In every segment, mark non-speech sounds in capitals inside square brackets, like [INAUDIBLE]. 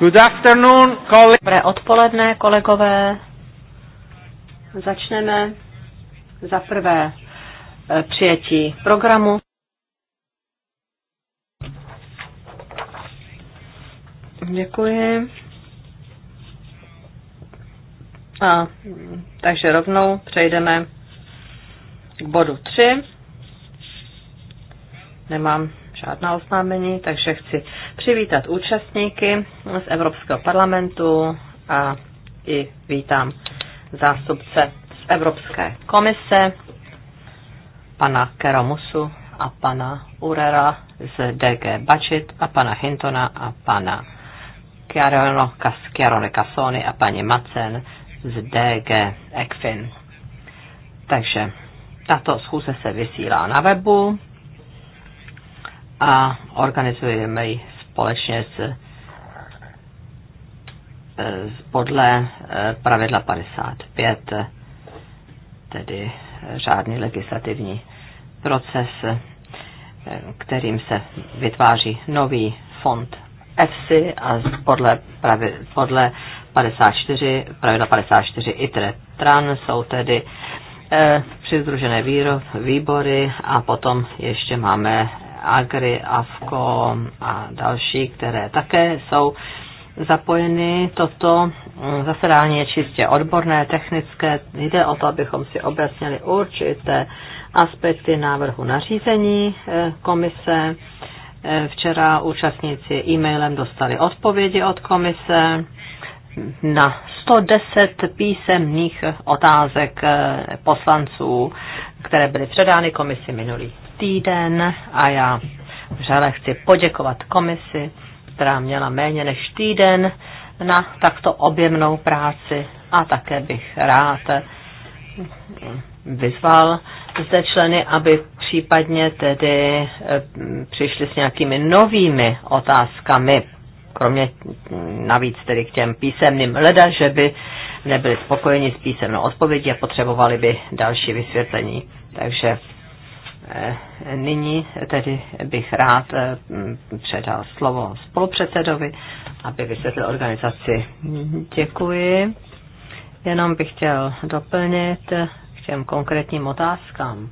Good afternoon, colleagues. Dobré odpoledne, kolegové. Začneme za prvé e, přijetí programu. Děkuji. A, takže rovnou přejdeme k bodu 3. Nemám žádná oznámení, takže chci přivítat účastníky z Evropského parlamentu a i vítám zástupce z Evropské komise, pana Keromusu a pana Urera z DG Bačit a pana Hintona a pana Chiarono Caschiarone a paní Macen z DG ECFIN. Takže tato schůze se vysílá na webu a organizujeme ji společně s, eh, podle eh, pravidla 55, tedy řádný legislativní proces, eh, kterým se vytváří nový fond EFSI a podle, pravi, podle 54, pravidla 54 ITRE TRAN jsou tedy eh, přizdružené výro, výbory a potom ještě máme Agri, avko a další, které také jsou zapojeny. Toto mm, zasedání je čistě odborné, technické. Jde o to, abychom si objasnili určité aspekty návrhu nařízení eh, komise. Eh, včera účastníci e-mailem dostali odpovědi od komise na 110 písemných otázek eh, poslanců, které byly předány komisi minulý týden a já vřele chci poděkovat komisi, která měla méně než týden na takto objemnou práci a také bych rád vyzval zde členy, aby případně tedy eh, přišli s nějakými novými otázkami, kromě navíc tedy k těm písemným leda, že by nebyli spokojeni s písemnou odpovědí a potřebovali by další vysvětlení. Takže Eh, nyní tedy bych rád eh, předal slovo spolupředsedovi, aby vysvětlil organizaci. Děkuji. Jenom bych chtěl doplnit k těm konkrétním otázkám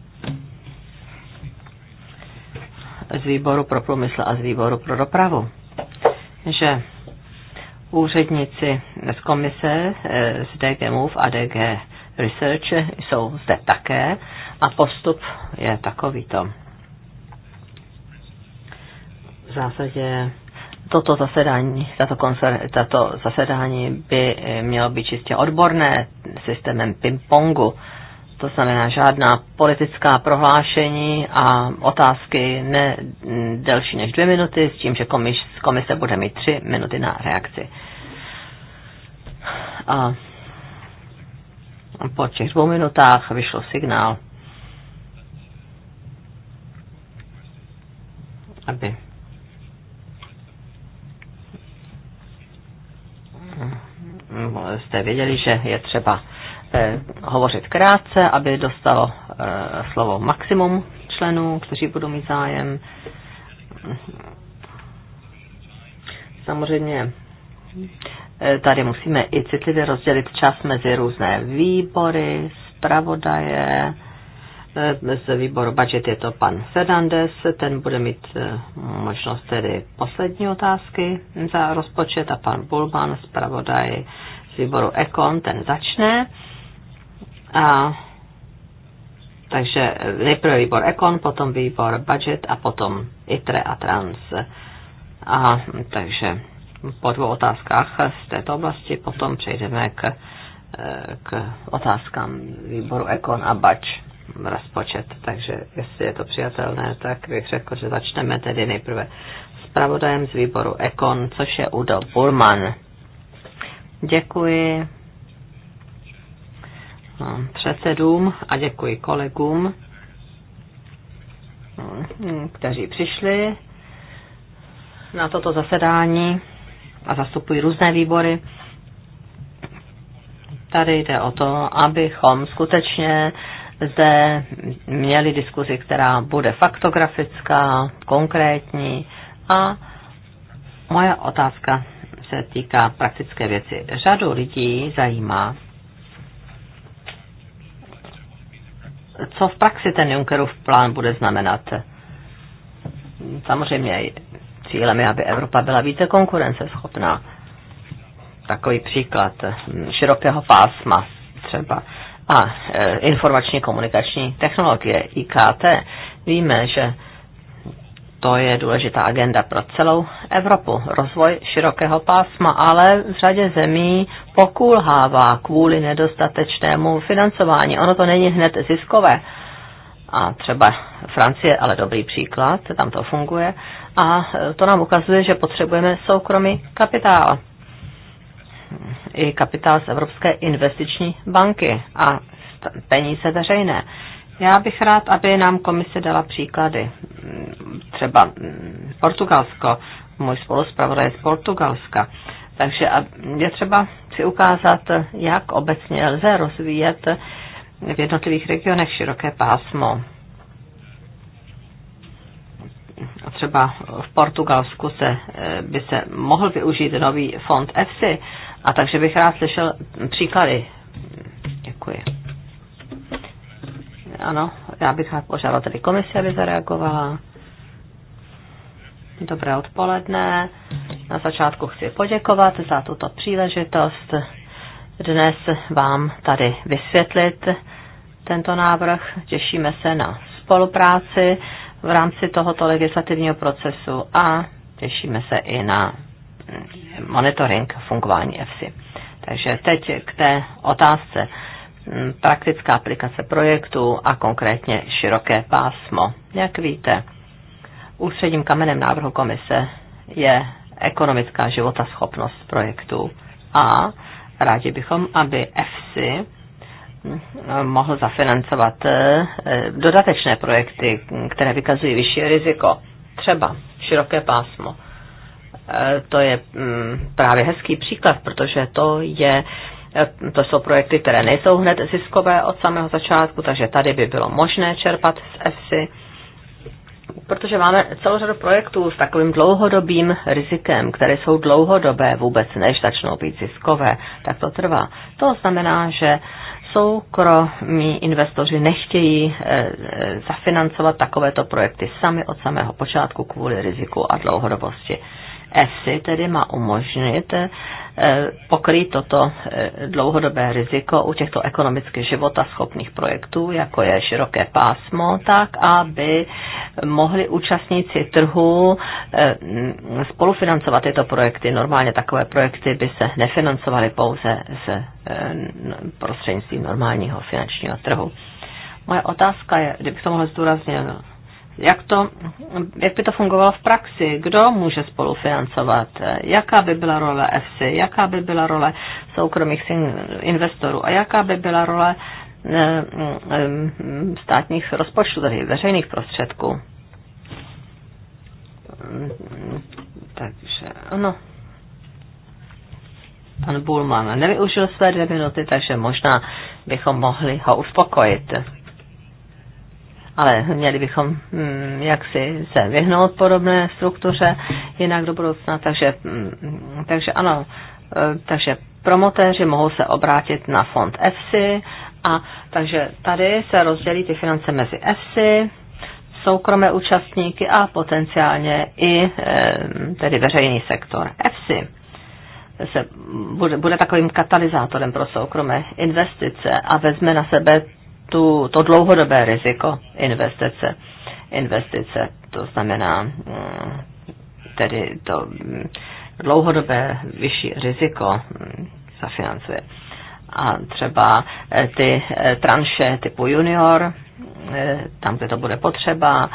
z výboru pro průmysl a z výboru pro dopravu, že úředníci z komise eh, z DG a DG Research jsou zde také a postup je takovýto. V zásadě toto zasedání, tato, konser, tato zasedání by eh, mělo být čistě odborné systémem ping-pongu. To znamená žádná politická prohlášení a otázky ne mm, delší než dvě minuty, s tím, že komis, komise bude mít tři minuty na reakci. A po těch dvou minutách vyšlo signál aby jste věděli, že je třeba eh, hovořit krátce, aby dostalo eh, slovo maximum členů, kteří budou mít zájem. Samozřejmě eh, tady musíme i citlivě rozdělit čas mezi různé výbory, zpravodaje, z výboru budget je to pan Fernandez, ten bude mít eh, možnost tedy poslední otázky za rozpočet a pan Bulman, zpravodaj z výboru Econ, ten začne. A, takže eh, nejprve výbor Econ, potom výbor budget a potom ITRE a Trans. A takže po dvou otázkách z této oblasti potom přejdeme k, eh, k otázkám výboru Ekon a budget rozpočet. Takže jestli je to přijatelné, tak bych řekl, že začneme tedy nejprve s pravodajem z výboru Ekon, což je Udo Burman. Děkuji eh, předsedům a děkuji kolegům, eh, kteří přišli na toto zasedání a zastupují různé výbory. Tady jde o to, abychom skutečně zde měli diskuzi, která bude faktografická, konkrétní a moje otázka se týká praktické věci. Řadu lidí zajímá, co v praxi ten Junckerův plán bude znamenat. Samozřejmě cílem je, aby Evropa byla více konkurenceschopná. Takový příklad širokého pásma třeba a e, informační komunikační technologie IKT, víme, že to je důležitá agenda pro celou Evropu. Rozvoj širokého pásma, ale v řadě zemí pokulhává kvůli nedostatečnému financování. Ono to není hned ziskové. A třeba Francie, ale dobrý příklad, tam to funguje. A e, to nám ukazuje, že potřebujeme soukromý kapitál i kapitál z Evropské investiční banky a peníze veřejné. Já bych rád, aby nám komise dala příklady. Třeba mm, Portugalsko, můj spoluspravodaj z Portugalska. Takže je třeba si ukázat, jak obecně lze rozvíjet v jednotlivých regionech široké pásmo. Třeba v Portugalsku se, eh, by se mohl využít nový fond EFSI, a takže bych rád slyšel příklady. Děkuji. Ano, já bych rád požádala tedy komisi, aby zareagovala. Dobré odpoledne. Na začátku chci poděkovat za tuto příležitost dnes vám tady vysvětlit tento návrh. Těšíme se na spolupráci v rámci tohoto legislativního procesu a těšíme se i na monitoring fungování EFSI. Takže teď k té otázce mm, praktická aplikace projektu a konkrétně široké pásmo. Jak víte, ústředním kamenem návrhu komise je ekonomická životaschopnost projektu a rádi bychom, aby EFSI mm, mohl zafinancovat eh, dodatečné projekty, které vykazují vyšší riziko, třeba široké pásmo. Eh, to je mm, právě hezký příklad, protože to je eh, to jsou projekty, které nejsou hned ziskové od samého začátku, takže tady by bylo možné čerpat z EFSI, protože máme celou řadu projektů s takovým dlouhodobým rizikem, které jsou dlouhodobé vůbec, než začnou být ziskové, tak to trvá. To znamená, že soukromí investoři nechtějí eh, zafinancovat takovéto projekty sami od samého počátku kvůli riziku a dlouhodobosti. ESI tedy má umožnit eh, pokryt toto eh, dlouhodobé riziko u těchto ekonomicky života schopných projektů, jako je široké pásmo, tak aby mohli účastníci trhu eh, spolufinancovat tyto projekty. Normálně takové projekty by se nefinancovaly pouze z prostřednictvím normálního finančního trhu. Moje otázka je, kdybych to mohl zdůraznit, jak, to, jak by to fungovalo v praxi, kdo může spolufinancovat, jaká by byla role EFSI, jaká by byla role soukromých investorů a jaká by byla role eh, mm, mm, státních rozpočtů, tedy veřejných prostředků. Takže ano. Pan Bulman nevyužil své dvě minuty, takže možná bychom mohli ho uspokojit ale měli bychom hm, mm, jaksi se vyhnout podobné struktuře jinak do budoucna, takže, hm, takže ano, e, takže promotéři mohou se obrátit na fond EFSI a takže tady se rozdělí ty finance mezi EFSI, soukromé účastníky a potenciálně i e, tedy veřejný sektor. EFSI se bude, bude takovým katalyzátorem pro soukromé investice a vezme na sebe tu, to dlouhodobé riziko investice. Investice, to znamená mm, tedy to mm, dlouhodobé vyšší riziko za mm, zafinancuje. A třeba e, ty e, tranše typu junior, e, tam, kde to bude potřeba,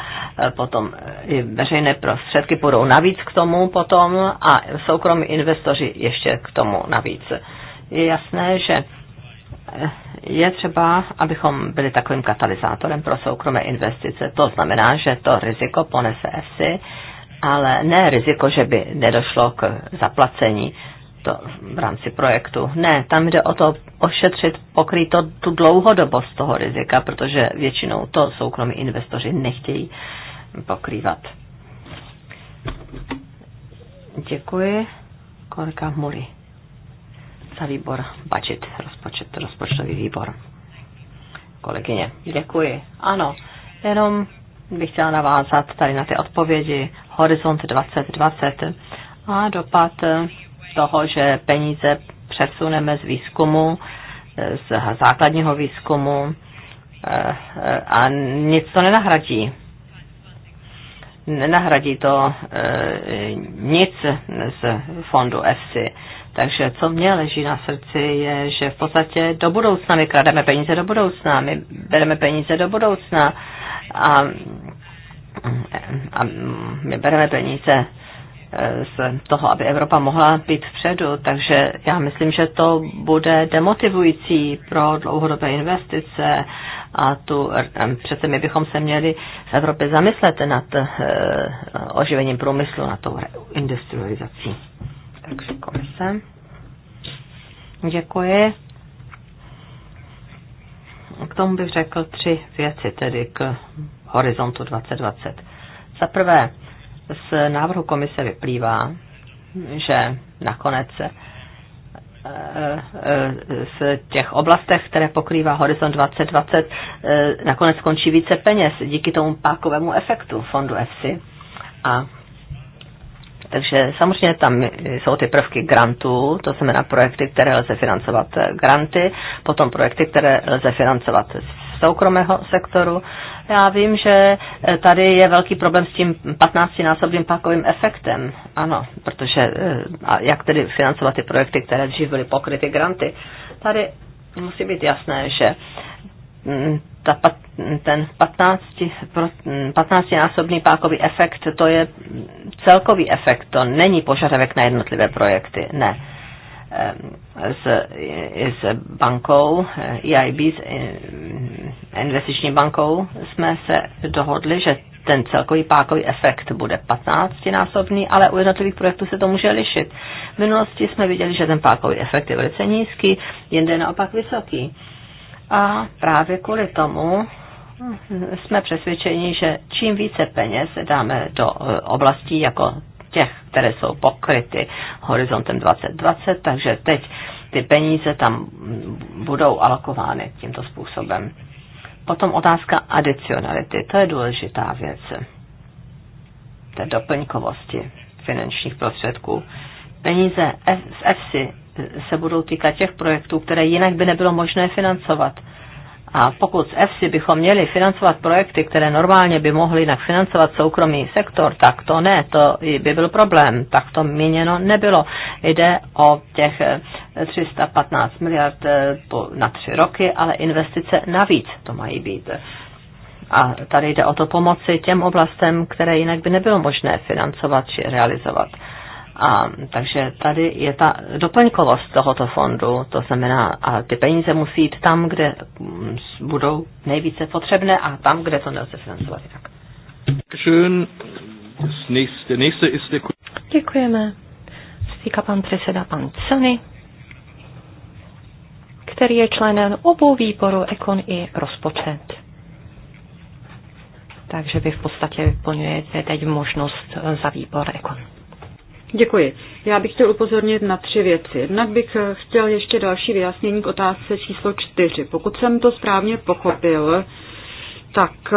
potom i veřejné prostředky půjdou navíc k tomu potom a soukromí investoři ještě k tomu navíc. Je jasné, že je třeba, abychom byli takovým katalyzátorem pro soukromé investice. To znamená, že to riziko ponese EFSI, ale ne riziko, že by nedošlo k zaplacení to v rámci projektu. Ne, tam jde o to ošetřit, pokrýt to, tu dlouhodobost toho rizika, protože většinou to soukromí investoři nechtějí pokrývat. Děkuji. Korka Muri a výbor budget, rozpočet, rozpočtový výbor. Kolegyně, děkuji. Ano, jenom bych chtěla navázat tady na ty odpovědi Horizont 2020 a dopad toho, že peníze přesuneme z výzkumu, z základního výzkumu eh, a nic to nenahradí. Nenahradí to eh, nic z fondu EFSI. Takže co mě leží na srdci je, že v podstatě do budoucna, my krademe peníze do budoucna, my bereme peníze do budoucna a, a my bereme peníze e, z toho, aby Evropa mohla být vpředu. Takže já myslím, že to bude demotivující pro dlouhodobé investice a tu, e, přece my bychom se měli v Evropě zamyslet nad e, oživením průmyslu, nad tou industrializací takže komise. Děkuji. K tomu bych řekl tři věci, tedy k horizontu 2020. Za prvé, z návrhu komise vyplývá, že nakonec v eh, eh, těch oblastech, které pokrývá Horizont 2020, eh, nakonec skončí více peněz díky tomu pákovému efektu fondu EFSI. A takže samozřejmě tam jsou ty prvky grantů, to znamená projekty, které lze financovat granty, potom projekty, které lze financovat z soukromého sektoru. Já vím, že tady je velký problém s tím 15-násobným pakovým efektem, ano, protože eh, a jak tedy financovat ty projekty, které dřív byly pokryty granty. Tady musí být jasné, že Mm, ta, mm, ten 15, 15-násobný mm, pákový efekt, to je celkový efekt, to není požadavek na jednotlivé projekty, ne. S, s bankou EIB, s investiční bankou, jsme se dohodli, že ten celkový pákový efekt bude 15-násobný, ale u jednotlivých projektů se to může lišit. V minulosti jsme viděli, že ten pákový efekt je velice nízký, jinde naopak vysoký. A právě kvůli tomu jsme přesvědčeni, že čím více peněz dáme do e, oblastí jako těch, které jsou pokryty horizontem 2020, takže teď ty peníze tam budou alokovány tímto způsobem. Potom otázka adicionality, to je důležitá věc, té doplňkovosti finančních prostředků. Peníze z EFSI se budou týkat těch projektů, které jinak by nebylo možné financovat. A pokud z EFSI bychom měli financovat projekty, které normálně by mohly jinak financovat soukromý sektor, tak to ne, to by byl problém. Tak to měněno nebylo. Jde o těch 315 eh, miliard eh, na tři roky, ale investice navíc to mají být. A tady jde o to pomoci těm oblastem, které jinak by nebylo možné financovat či realizovat. A, takže tady je ta doplňkovost tohoto fondu, to znamená, a ty peníze musí jít tam, kde mm, budou nejvíce potřebné a tam, kde to nelze financovat jinak. Děkujeme. Říká pan předseda pan Cony, který je členem obou výborů Ekon i rozpočet takže by v podstatě vyplňujete teď možnost za výbor Ekon. Děkuji. Já bych chtěl upozornit na tři věci. Jednak bych chtěl ještě další vyjasnění k otázce číslo čtyři. Pokud jsem to správně pochopil, tak eh,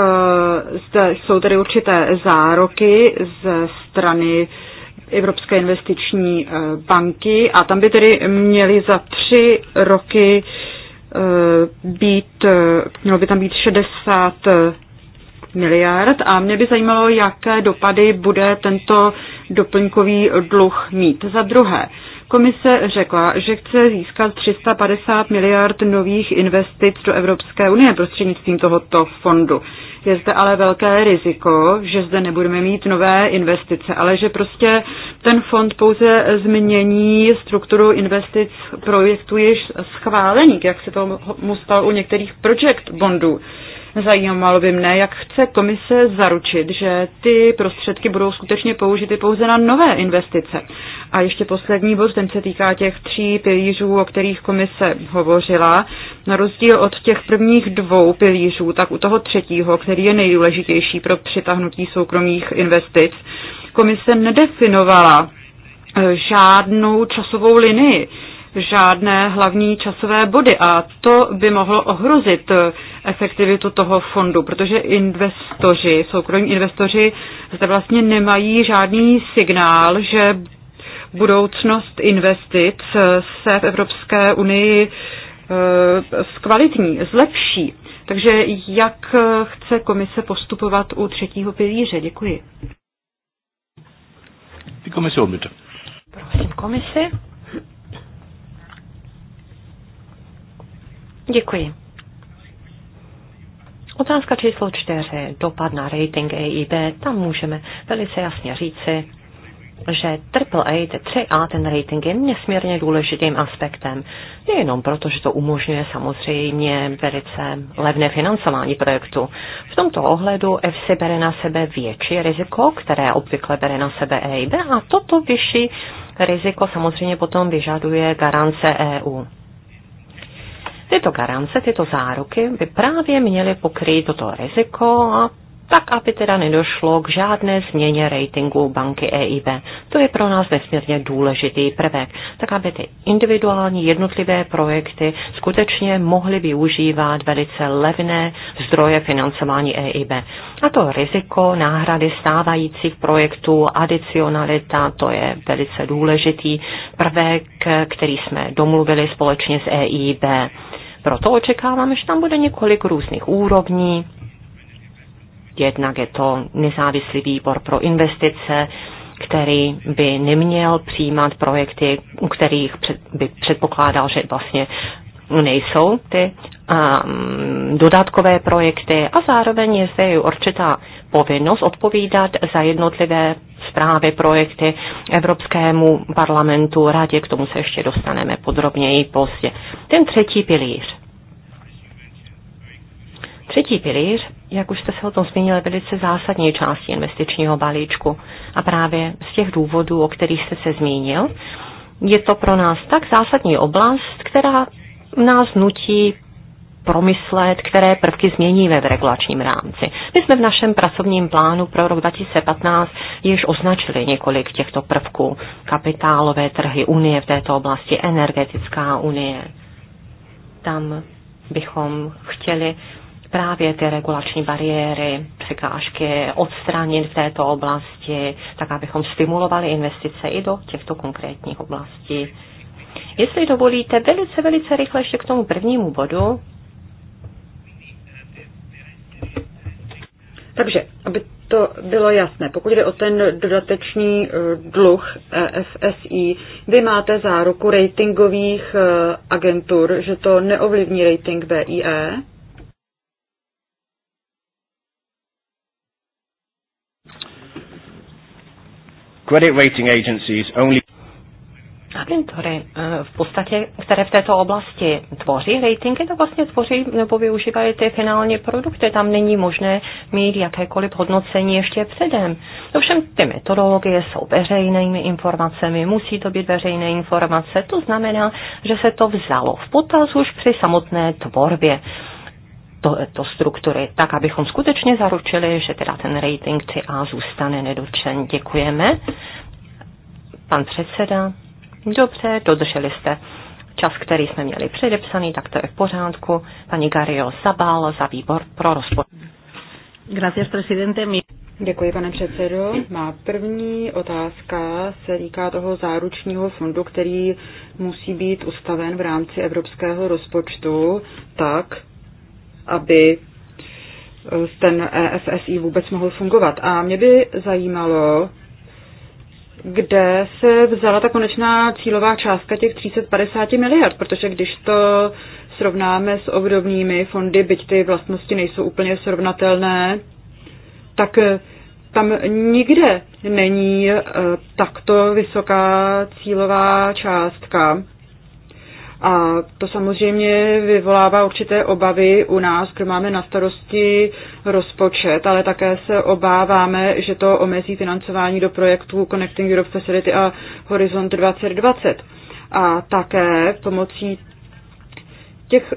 zde jsou tady určité zároky ze strany Evropské investiční eh, banky a tam by tedy měly za tři roky eh, být, mělo by tam být 60 miliard a mě by zajímalo, jaké dopady bude tento doplňkový dluh mít. Za druhé, komise řekla, že chce získat 350 miliard nových investic do Evropské unie prostřednictvím tohoto fondu. Je zde ale velké riziko, že zde nebudeme mít nové investice, ale že prostě ten fond pouze změní strukturu investic projektu již schválených, jak se mu stalo u některých project bondů. Zajímalo by mne, jak chce komise zaručit, že ty prostředky budou skutečně použity pouze na nové investice. A ještě poslední bod, ten se týká těch tří pilířů, o kterých komise hovořila. Na rozdíl od těch prvních dvou pilířů, tak u toho třetího, který je nejdůležitější pro přitahnutí soukromých investic, komise nedefinovala eh, žádnou časovou linii žádné hlavní časové body a to by mohlo ohrozit efektivitu toho fondu, protože investoři, soukromí investoři zde vlastně nemají žádný signál, že budoucnost investic se v Evropské unii eh, zkvalitní, zlepší. Takže jak chce komise postupovat u třetího pilíře? Děkuji. komise Prosím komisi. Děkuji. Otázka číslo čtyři, dopad na rating EIB, tam můžeme velice jasně říci, že AAA, 3A, ten rating je nesmírně důležitým aspektem. Nejenom proto, že to umožňuje samozřejmě velice levné financování projektu. V tomto ohledu FC bere na sebe větší riziko, které obvykle bere na sebe EIB a toto vyšší riziko samozřejmě potom vyžaduje garance EU. Tyto garance, tyto záruky by právě měly pokrýt toto riziko a tak, aby teda nedošlo k žádné změně ratingu banky EIB. To je pro nás nesmírně důležitý prvek, tak aby ty individuální jednotlivé projekty skutečně mohly využívat velice levné zdroje financování EIB. A to riziko náhrady stávajících projektů, adicionalita, to je velice důležitý prvek, který jsme domluvili společně s EIB. Proto očekáváme, že tam bude několik různých úrovní. Jednak je to nezávislý výbor pro investice, který by neměl přijímat projekty, u kterých by předpokládal, že vlastně nejsou ty um, dodatkové projekty a zároveň je zde určitá povinnost odpovídat za jednotlivé zprávy, projekty Evropskému parlamentu, radě, k tomu se ještě dostaneme podrobněji pozdě. Ten třetí pilíř. Třetí pilíř, jak už jste se o tom zmínili, velice zásadní části investičního balíčku. A právě z těch důvodů, o kterých jste se zmínil, je to pro nás tak zásadní oblast, která nás nutí promyslet, které prvky změníme v regulačním rámci. My jsme v našem pracovním plánu pro rok 2015 již označili několik těchto prvků. Kapitálové trhy Unie v této oblasti, energetická unie. Tam bychom chtěli právě ty regulační bariéry, překážky odstranit v této oblasti, tak abychom stimulovali investice i do těchto konkrétních oblastí. Jestli dovolíte, velice, velice rychle ještě k tomu prvnímu bodu. Takže, aby to bylo jasné, pokud jde o ten dodatečný eh, dluh eh, FSI, vy máte záruku ratingových eh, agentur, že to neovlivní rating BIE? Credit rating agencies only agentury, eh, v podstatě, které v této oblasti tvoří ratingy, to vlastně tvoří nebo využívají ty finální produkty. Tam není možné mít jakékoliv hodnocení ještě předem. Ovšem ty metodologie jsou veřejnými informacemi, musí to být veřejné informace. To znamená, že se to vzalo v potaz už při samotné tvorbě to struktury, tak abychom skutečně zaručili, že teda ten rating 3A zůstane nedotčen. Děkujeme. Pan předseda, Dobře, dodrželi jste čas, který jsme měli předepsaný, tak to je v pořádku. Paní Gario Sabal za výbor pro rozpočet. Gracias, presidente. Děkuji, pane předsedo. Má první otázka se týká toho záručního fondu, který musí být ustaven v rámci evropského rozpočtu tak, aby eh, ten EFSI vůbec mohl fungovat. A mě by zajímalo, kde se vzala ta konečná cílová částka těch 350 miliard, protože když to srovnáme s obdobnými fondy, byť ty vlastnosti nejsou úplně srovnatelné, tak eh, tam nikde není eh, takto vysoká cílová částka. A to samozřejmě vyvolává určité obavy u nás, kdo máme na starosti rozpočet, ale také se obáváme, že to omezí financování do projektů Connecting Europe Facility a Horizont 2020. A také pomocí těch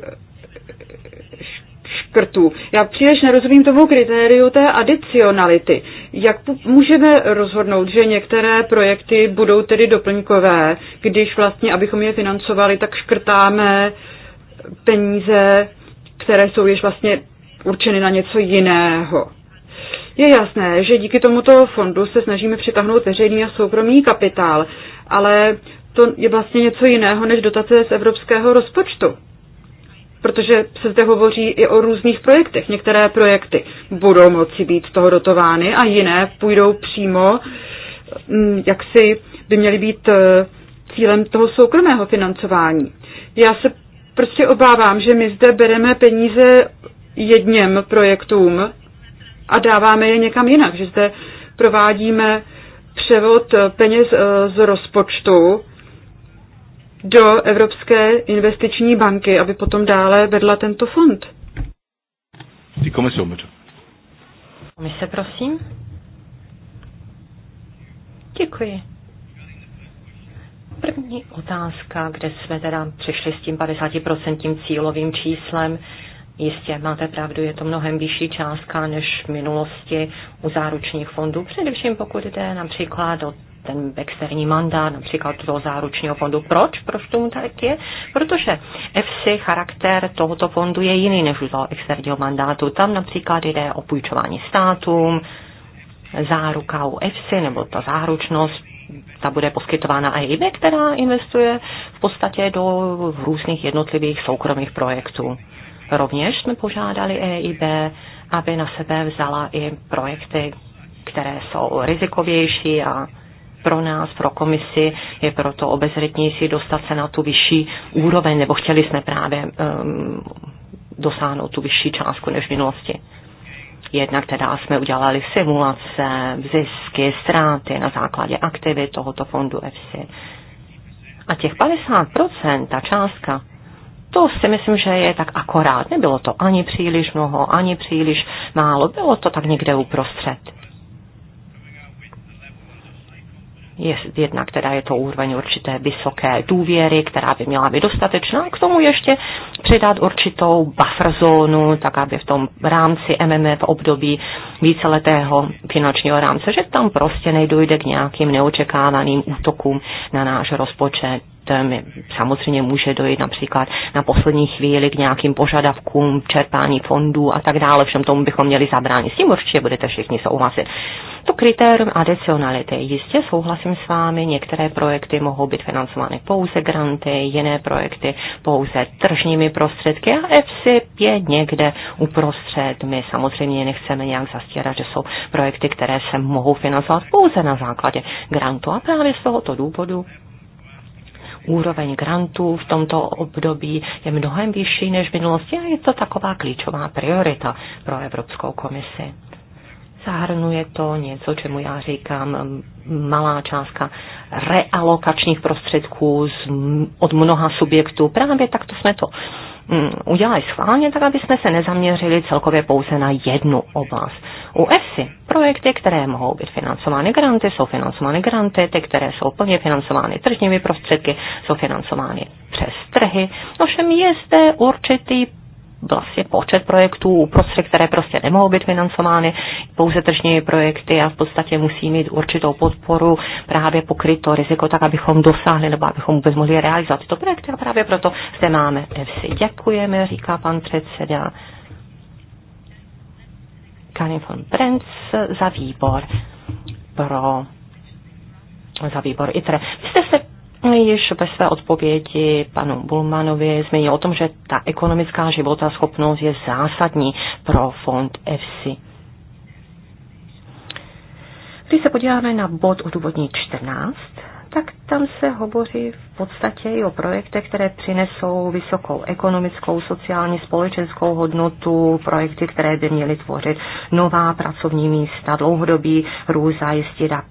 škrtů. Já příliš nerozumím tomu kritériu té adicionality. Jak můžeme rozhodnout, že některé projekty budou tedy doplňkové, když vlastně, abychom je financovali, tak škrtáme peníze, které jsou již vlastně určeny na něco jiného. Je jasné, že díky tomuto fondu se snažíme přitáhnout veřejný a soukromý kapitál, ale to je vlastně něco jiného než dotace z evropského rozpočtu protože se zde hovoří i o různých projektech. Některé projekty budou moci být z toho dotovány a jiné půjdou přímo, mm, jak si by měly být eh, cílem toho soukromého financování. Já se prostě obávám, že my zde bereme peníze jedním projektům a dáváme je někam jinak, že zde provádíme převod peněz eh, z rozpočtu do Evropské investiční banky, aby potom dále vedla tento fond. Ty komise, bitte. Komise, prosím. Děkuji. První otázka, kde jsme teda přišli s tím 50% cílovým číslem. Jistě máte pravdu, je to mnohem vyšší částka než v minulosti u záručních fondů, především pokud jde například o ten externí mandát, například toho záručního fondu. Proč? Proč tomu tak je? Protože EFSI charakter tohoto fondu je jiný než u toho externího mandátu. Tam například jde o půjčování státům, záruka u EFSI nebo ta záručnost ta bude poskytována EIB, která investuje v podstatě do různých jednotlivých soukromých projektů. Rovněž jsme požádali EIB, aby na sebe vzala i projekty, které jsou rizikovější a pro nás, pro komisi, je proto obezřetnější dostat se na tu vyšší úroveň, nebo chtěli jsme právě um, dosáhnout tu vyšší částku než v minulosti. Jednak teda jsme udělali simulace, zisky, ztráty na základě aktivy tohoto fondu EFSI. A těch 50%, ta částka, to si myslím, že je tak akorát. Nebylo to ani příliš mnoho, ani příliš málo. Bylo to tak někde uprostřed. je jedna, která je to úroveň určité vysoké důvěry, která by měla být dostatečná, k tomu ještě přidat určitou buffer zónu, tak aby v tom rámci MMF období víceletého finančního rámce, že tam prostě nejdojde k nějakým neočekávaným útokům na náš rozpočet samozřejmě může dojít například na poslední chvíli k nějakým požadavkům, čerpání fondů a tak dále. Všem tomu bychom měli zabránit. S tím určitě budete všichni souhlasit. To kritérium adicionality. Jistě souhlasím s vámi, některé projekty mohou být financovány pouze granty, jiné projekty pouze tržními prostředky a EFSI je někde uprostřed. My samozřejmě nechceme nějak zastírat, že jsou projekty, které se mohou financovat pouze na základě grantu a právě z tohoto důvodu úroveň grantů v tomto období je mnohem vyšší než v minulosti a je to taková klíčová priorita pro Evropskou komisi. Zahrnuje to něco, čemu já říkám malá částka realokačních prostředků z, od mnoha subjektů. Právě takto jsme to Mm, udělali schválně, tak aby jsme se nezaměřili celkově pouze na jednu oblast. U EFSI projekty, které mohou být financovány granty, jsou financovány granty, ty, které jsou plně financovány tržními prostředky, jsou financovány přes trhy. Ovšem je zde určitý vlastně počet projektů uprostřed, které prostě nemohou být financovány, pouze tržní projekty a v podstatě musí mít určitou podporu právě to riziko, tak abychom dosáhli nebo abychom vůbec mohli realizovat tyto projekty a právě proto zde máme EFSI. Děkujeme, říká pan předseda. Karin von Brenz za výbor pro za výbor ITRE. Vy jste se již ve své odpovědi panu Bulmanovi zmínil o tom, že ta ekonomická života schopnost je zásadní pro fond EFSI. Když se podíváme na bod odůvodní 14, tak tam se hovoří v podstatě i o projektech, které přinesou vysokou ekonomickou, sociální, společenskou hodnotu, projekty, které by měly tvořit nová pracovní místa, dlouhodobý růst zajistit a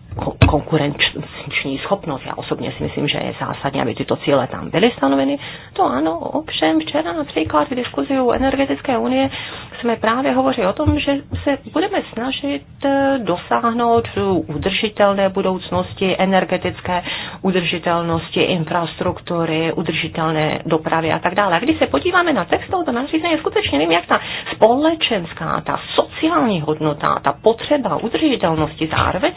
konkurenční schopnost. Já osobně si myslím, že je zásadní, aby tyto cíle tam byly stanoveny. To ano, ovšem včera například v diskuzi u energetické unie jsme právě hovořili o tom, že se budeme snažit eh, dosáhnout udržitelné budoucnosti, energetické udržitelnosti, infra infrastruktury, udržitelné dopravy a tak dále. A když se podíváme na text tohoto nařízení, skutečně vím, jak ta společenská, ta sociální hodnota, ta potřeba udržitelnosti zároveň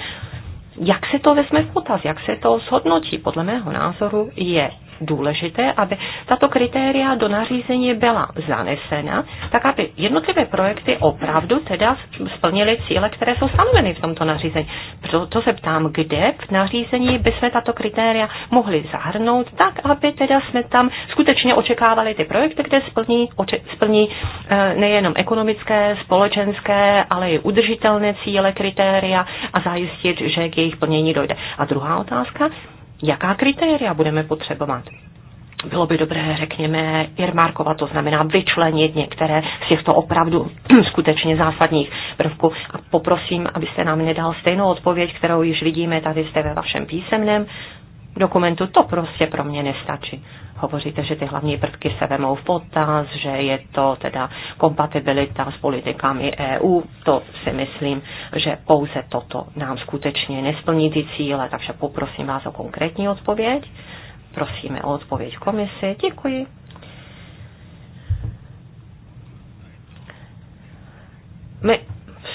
jak se to vezme v potaz, jak se to shodnotí, podle mého názoru je důležité, aby tato kritéria do nařízení byla zanesena, tak aby jednotlivé projekty opravdu teda splnily cíle, které jsou stanoveny v tomto nařízení. Proto se ptám, kde v nařízení jsme tato kritéria mohli zahrnout, tak aby teda jsme tam skutečně očekávali ty projekty, kde splní, oče, splní eh, nejenom ekonomické, společenské, ale i udržitelné cíle, kritéria a zajistit, že k jejich plnění dojde. A druhá otázka, jaká kritéria budeme potřebovat. Bylo by dobré, řekněme, irmarkovat, to znamená vyčlenit některé z těchto opravdu [CLEARS THROAT] skutečně zásadních prvků. A poprosím, abyste nám nedal stejnou odpověď, kterou již vidíme tady jste ve vašem písemném dokumentu. To prostě pro mě nestačí hovoříte, že ty hlavní prvky se vemou v potaz, že je to teda kompatibilita s politikami EU. To si myslím, že pouze toto nám skutečně nesplní ty cíle, takže poprosím vás o konkrétní odpověď. Prosíme o odpověď komisi. Děkuji. My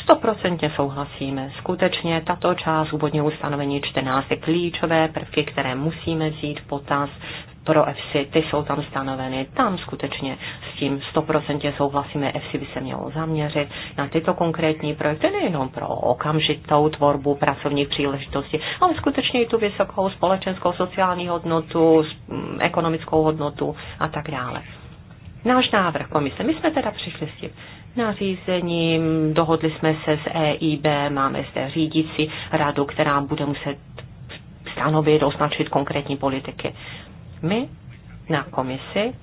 stoprocentně souhlasíme. Skutečně tato část úvodního ustanovení 14 je klíčové prvky, které musíme vzít v potaz v pro EFSI, ty jsou tam stanoveny. Tam skutečně s tím 100% souhlasíme, EFSI by se mělo zaměřit na tyto konkrétní projekty, nejenom pro okamžitou tvorbu pracovních příležitostí, ale skutečně i tu vysokou společenskou sociální hodnotu, mm, ekonomickou hodnotu a tak dále. Náš návrh komise, my jsme teda přišli s tím, nařízením, dohodli jsme se s EIB, máme zde řídící radu, která bude muset stanovit, označit konkrétní politiky. My na komisi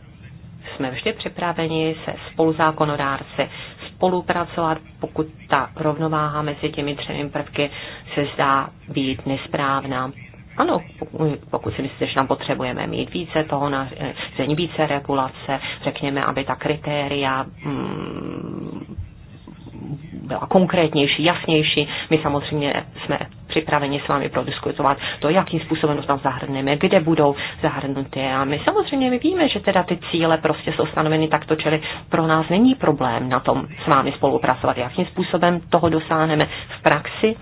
jsme vždy připraveni se spoluzákonodárci spolupracovat, pokud ta rovnováha mezi těmi třemi prvky se zdá být nesprávná. Ano, pokud si myslíte, že tam potřebujeme mít více toho nařízení, eh, více regulace, řekněme, aby ta kritéria mm, byla konkrétnější, jasnější. My samozřejmě jsme připraveni s vámi prodiskutovat to, jakým způsobem to tam zahrneme, kde budou zahrnuty. A my samozřejmě my víme, že teda ty cíle prostě jsou stanoveny takto, čili pro nás není problém na tom s vámi spolupracovat, jakým způsobem toho dosáhneme v praxi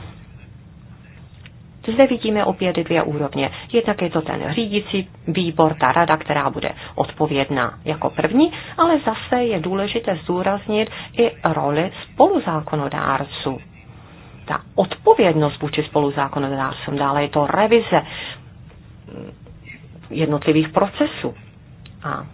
zde vidíme opět dvě úrovně. Jednak je to ten řídící výbor, ta rada, která bude odpovědná jako první, ale zase je důležité zdůraznit i roli spoluzákonodárců. Ta odpovědnost vůči spoluzákonodárcům, dále je to revize jednotlivých procesů. A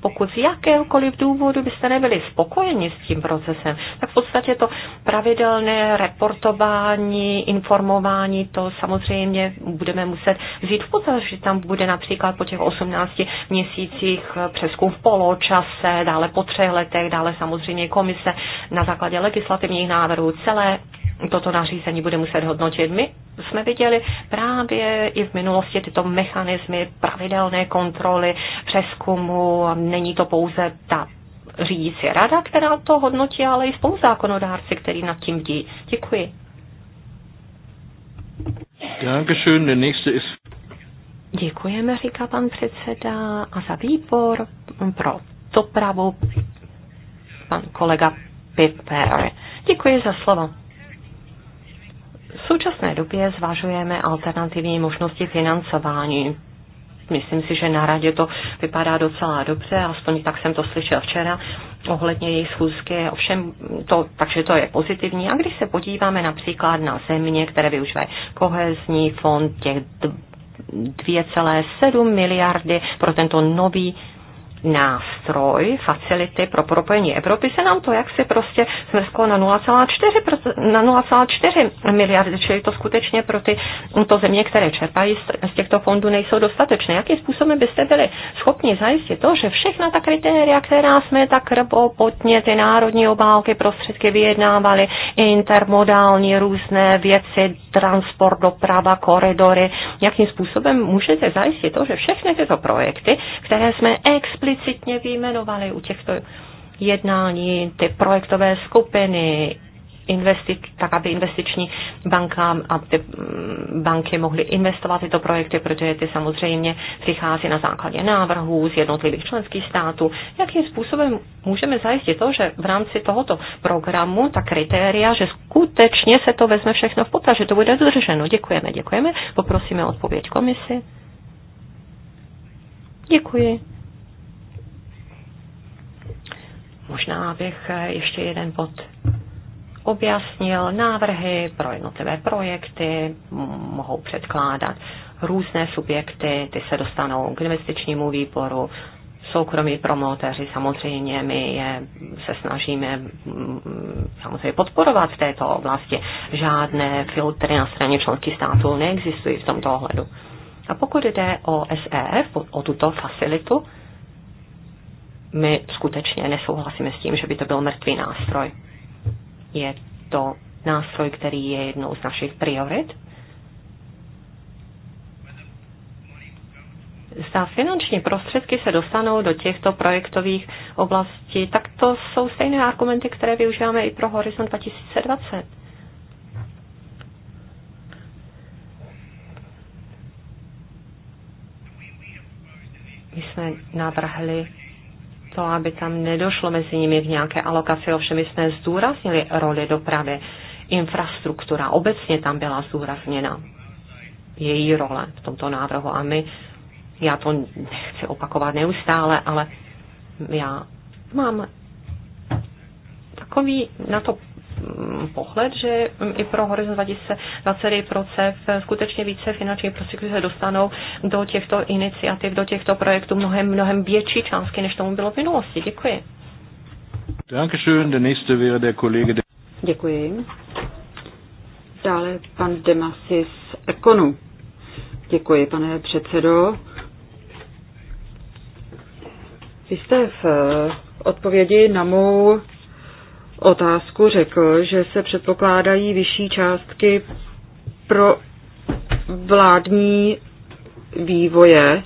pokud z jakéhokoliv důvodu byste nebyli spokojeni s tím procesem, tak v podstatě to pravidelné reportování, informování, to samozřejmě budeme muset vzít v potaz, že tam bude například po těch 18 měsících přeskum v poločase, dále po třech letech, dále samozřejmě komise na základě legislativních návrhů, celé toto nařízení bude muset hodnotit. My jsme viděli právě i v minulosti tyto mechanismy pravidelné kontroly, přeskumu, není to pouze ta řídící rada, která to hodnotí, ale i spoluzákonodárci, který nad tím dí. Děkuji. Děkujeme, říká pan předseda, a za výbor pro dopravu pan kolega Piper. Děkuji za slovo. V současné době zvažujeme alternativní možnosti financování. Myslím si, že na radě to vypadá docela dobře, aspoň tak jsem to slyšel včera ohledně její schůzky, ovšem to, takže to je pozitivní. A když se podíváme například na země, které využívají kohezní fond těch 2,7 miliardy pro tento nový nástroj facility pro propojení Evropy, se nám to jaksi prostě zmrzklo na 0,4, na 0,4 miliardy, čili to skutečně pro ty to země, které čerpají z těchto fondů, nejsou dostatečné. Jakým způsobem byste byli schopni zajistit to, že všechna ta kritéria, která jsme tak krvopotně ty národní obálky, prostředky vyjednávali, intermodální různé věci, transport, doprava, koridory, jakým způsobem můžete zajistit to, že všechny tyto projekty, které jsme explicitně explicitně vyjmenovali u těchto jednání ty projektové skupiny, investic, tak aby investiční banka a ty mm, banky mohly investovat tyto projekty, protože ty samozřejmě přichází na základě návrhů z jednotlivých členských států. Jakým způsobem můžeme zajistit to, že v rámci tohoto programu ta kritéria, že skutečně se to vezme všechno v potaz, že to bude dodrženo. Děkujeme, děkujeme. Poprosíme odpověď komisi. Děkuji. Možná bych eh, ještě jeden bod objasnil. Návrhy pro jednotlivé projekty mohou předkládat různé subjekty, ty se dostanou k investičnímu výboru, soukromí promotéři samozřejmě, my je se snažíme samozřejmě podporovat v této oblasti. Žádné filtry na straně členských států neexistují v tomto ohledu. A pokud jde o SEF, o tuto facilitu, my skutečně nesouhlasíme s tím, že by to byl mrtvý nástroj. Je to nástroj, který je jednou z našich priorit. Za finanční prostředky se dostanou do těchto projektových oblastí, tak to jsou stejné argumenty, které využíváme i pro Horizon 2020. My jsme navrhli to, aby tam nedošlo mezi nimi k nějaké alokaci, ovšem my jsme zdůraznili roli dopravy. Infrastruktura obecně tam byla zdůrazněna, její role v tomto návrhu a my, já to nechci opakovat neustále, ale já mám takový na to Mm, pohled, že i pro Horizon 2020 i pro CEF skutečně více finančních prostředků se dostanou do těchto iniciativ, do těchto projektů mnohem, mnohem větší částky, než tomu bylo v minulosti. Děkuji. Děkuji. Dále pan Demasis Ekonu. Děkuji, pane předsedo. Vy jste v eh, odpovědi na mou otázku řekl, že se předpokládají vyšší částky pro vládní vývoje.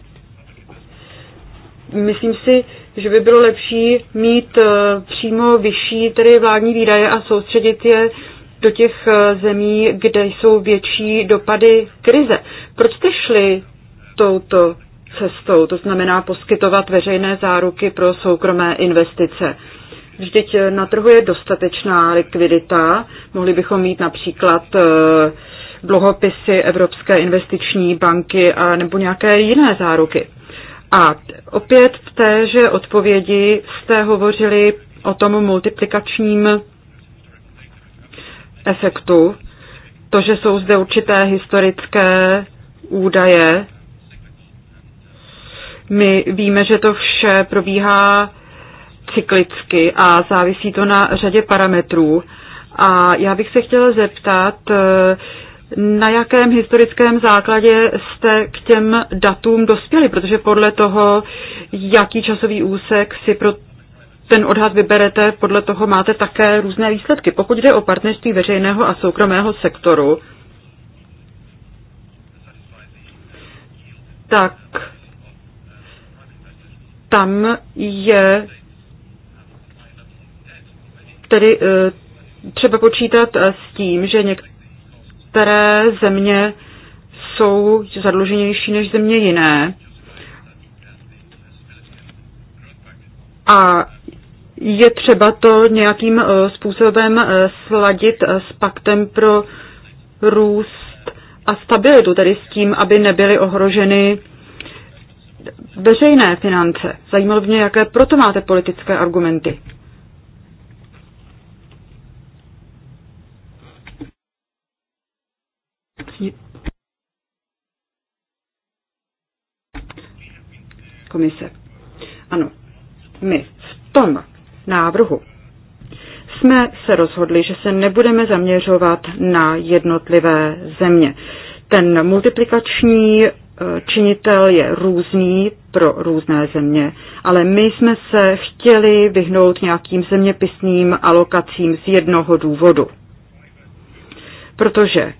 Myslím si, že by bylo lepší mít eh, přímo vyšší tedy vládní výdaje a soustředit je do těch eh, zemí, kde jsou větší dopady krize. Proč jste šli touto cestou, to znamená poskytovat veřejné záruky pro soukromé investice? Vždyť eh, na trhu je dostatečná likvidita. Mohli bychom mít například eh, dluhopisy Evropské investiční banky a nebo nějaké jiné záruky. A opět v téže odpovědi jste hovořili o tom multiplikačním efektu, to, že jsou zde určité historické údaje. My víme, že to vše probíhá cyklicky a závisí to na řadě parametrů. A já bych se chtěla zeptat, eh, na jakém historickém základě jste k těm datům dospěli, protože podle toho, jaký časový úsek si pro ten odhad vyberete, podle toho máte také různé výsledky. Pokud jde o partnerství veřejného a soukromého sektoru, tak tam je tedy eh, třeba počítat eh, s tím, že některé země jsou zadluženější než země jiné. A je třeba to nějakým eh, způsobem sladit s paktem pro růst a stabilitu, tedy s tím, aby nebyly ohroženy veřejné finance. Zajímalo mě, jaké proto máte politické argumenty. komise. Ano, my v tom návrhu jsme se rozhodli, že se nebudeme zaměřovat na jednotlivé země. Ten multiplikační eh, činitel je různý pro různé země, ale my jsme se chtěli vyhnout nějakým zeměpisným alokacím z jednoho důvodu. Protože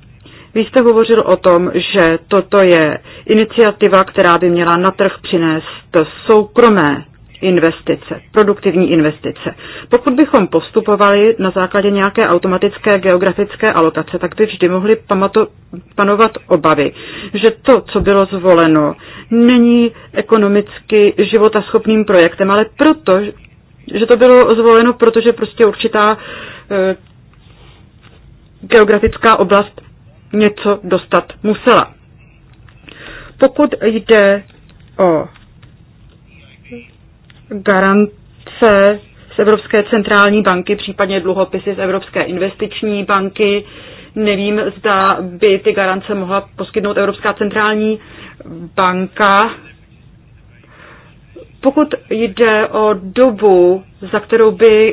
vy jste hovořil o tom, že toto je iniciativa, která by měla na trh přinést soukromé investice, produktivní investice. Pokud bychom postupovali na základě nějaké automatické geografické alokace, tak by vždy mohly pamato- panovat obavy, že to, co bylo zvoleno, není ekonomicky životaschopným projektem, ale proto, že to bylo zvoleno, protože prostě určitá e, geografická oblast něco dostat musela. Pokud jde o garance z Evropské centrální banky, případně dluhopisy z Evropské investiční banky, nevím, zda by ty garance mohla poskytnout Evropská centrální banka. Pokud jde o dobu, za kterou by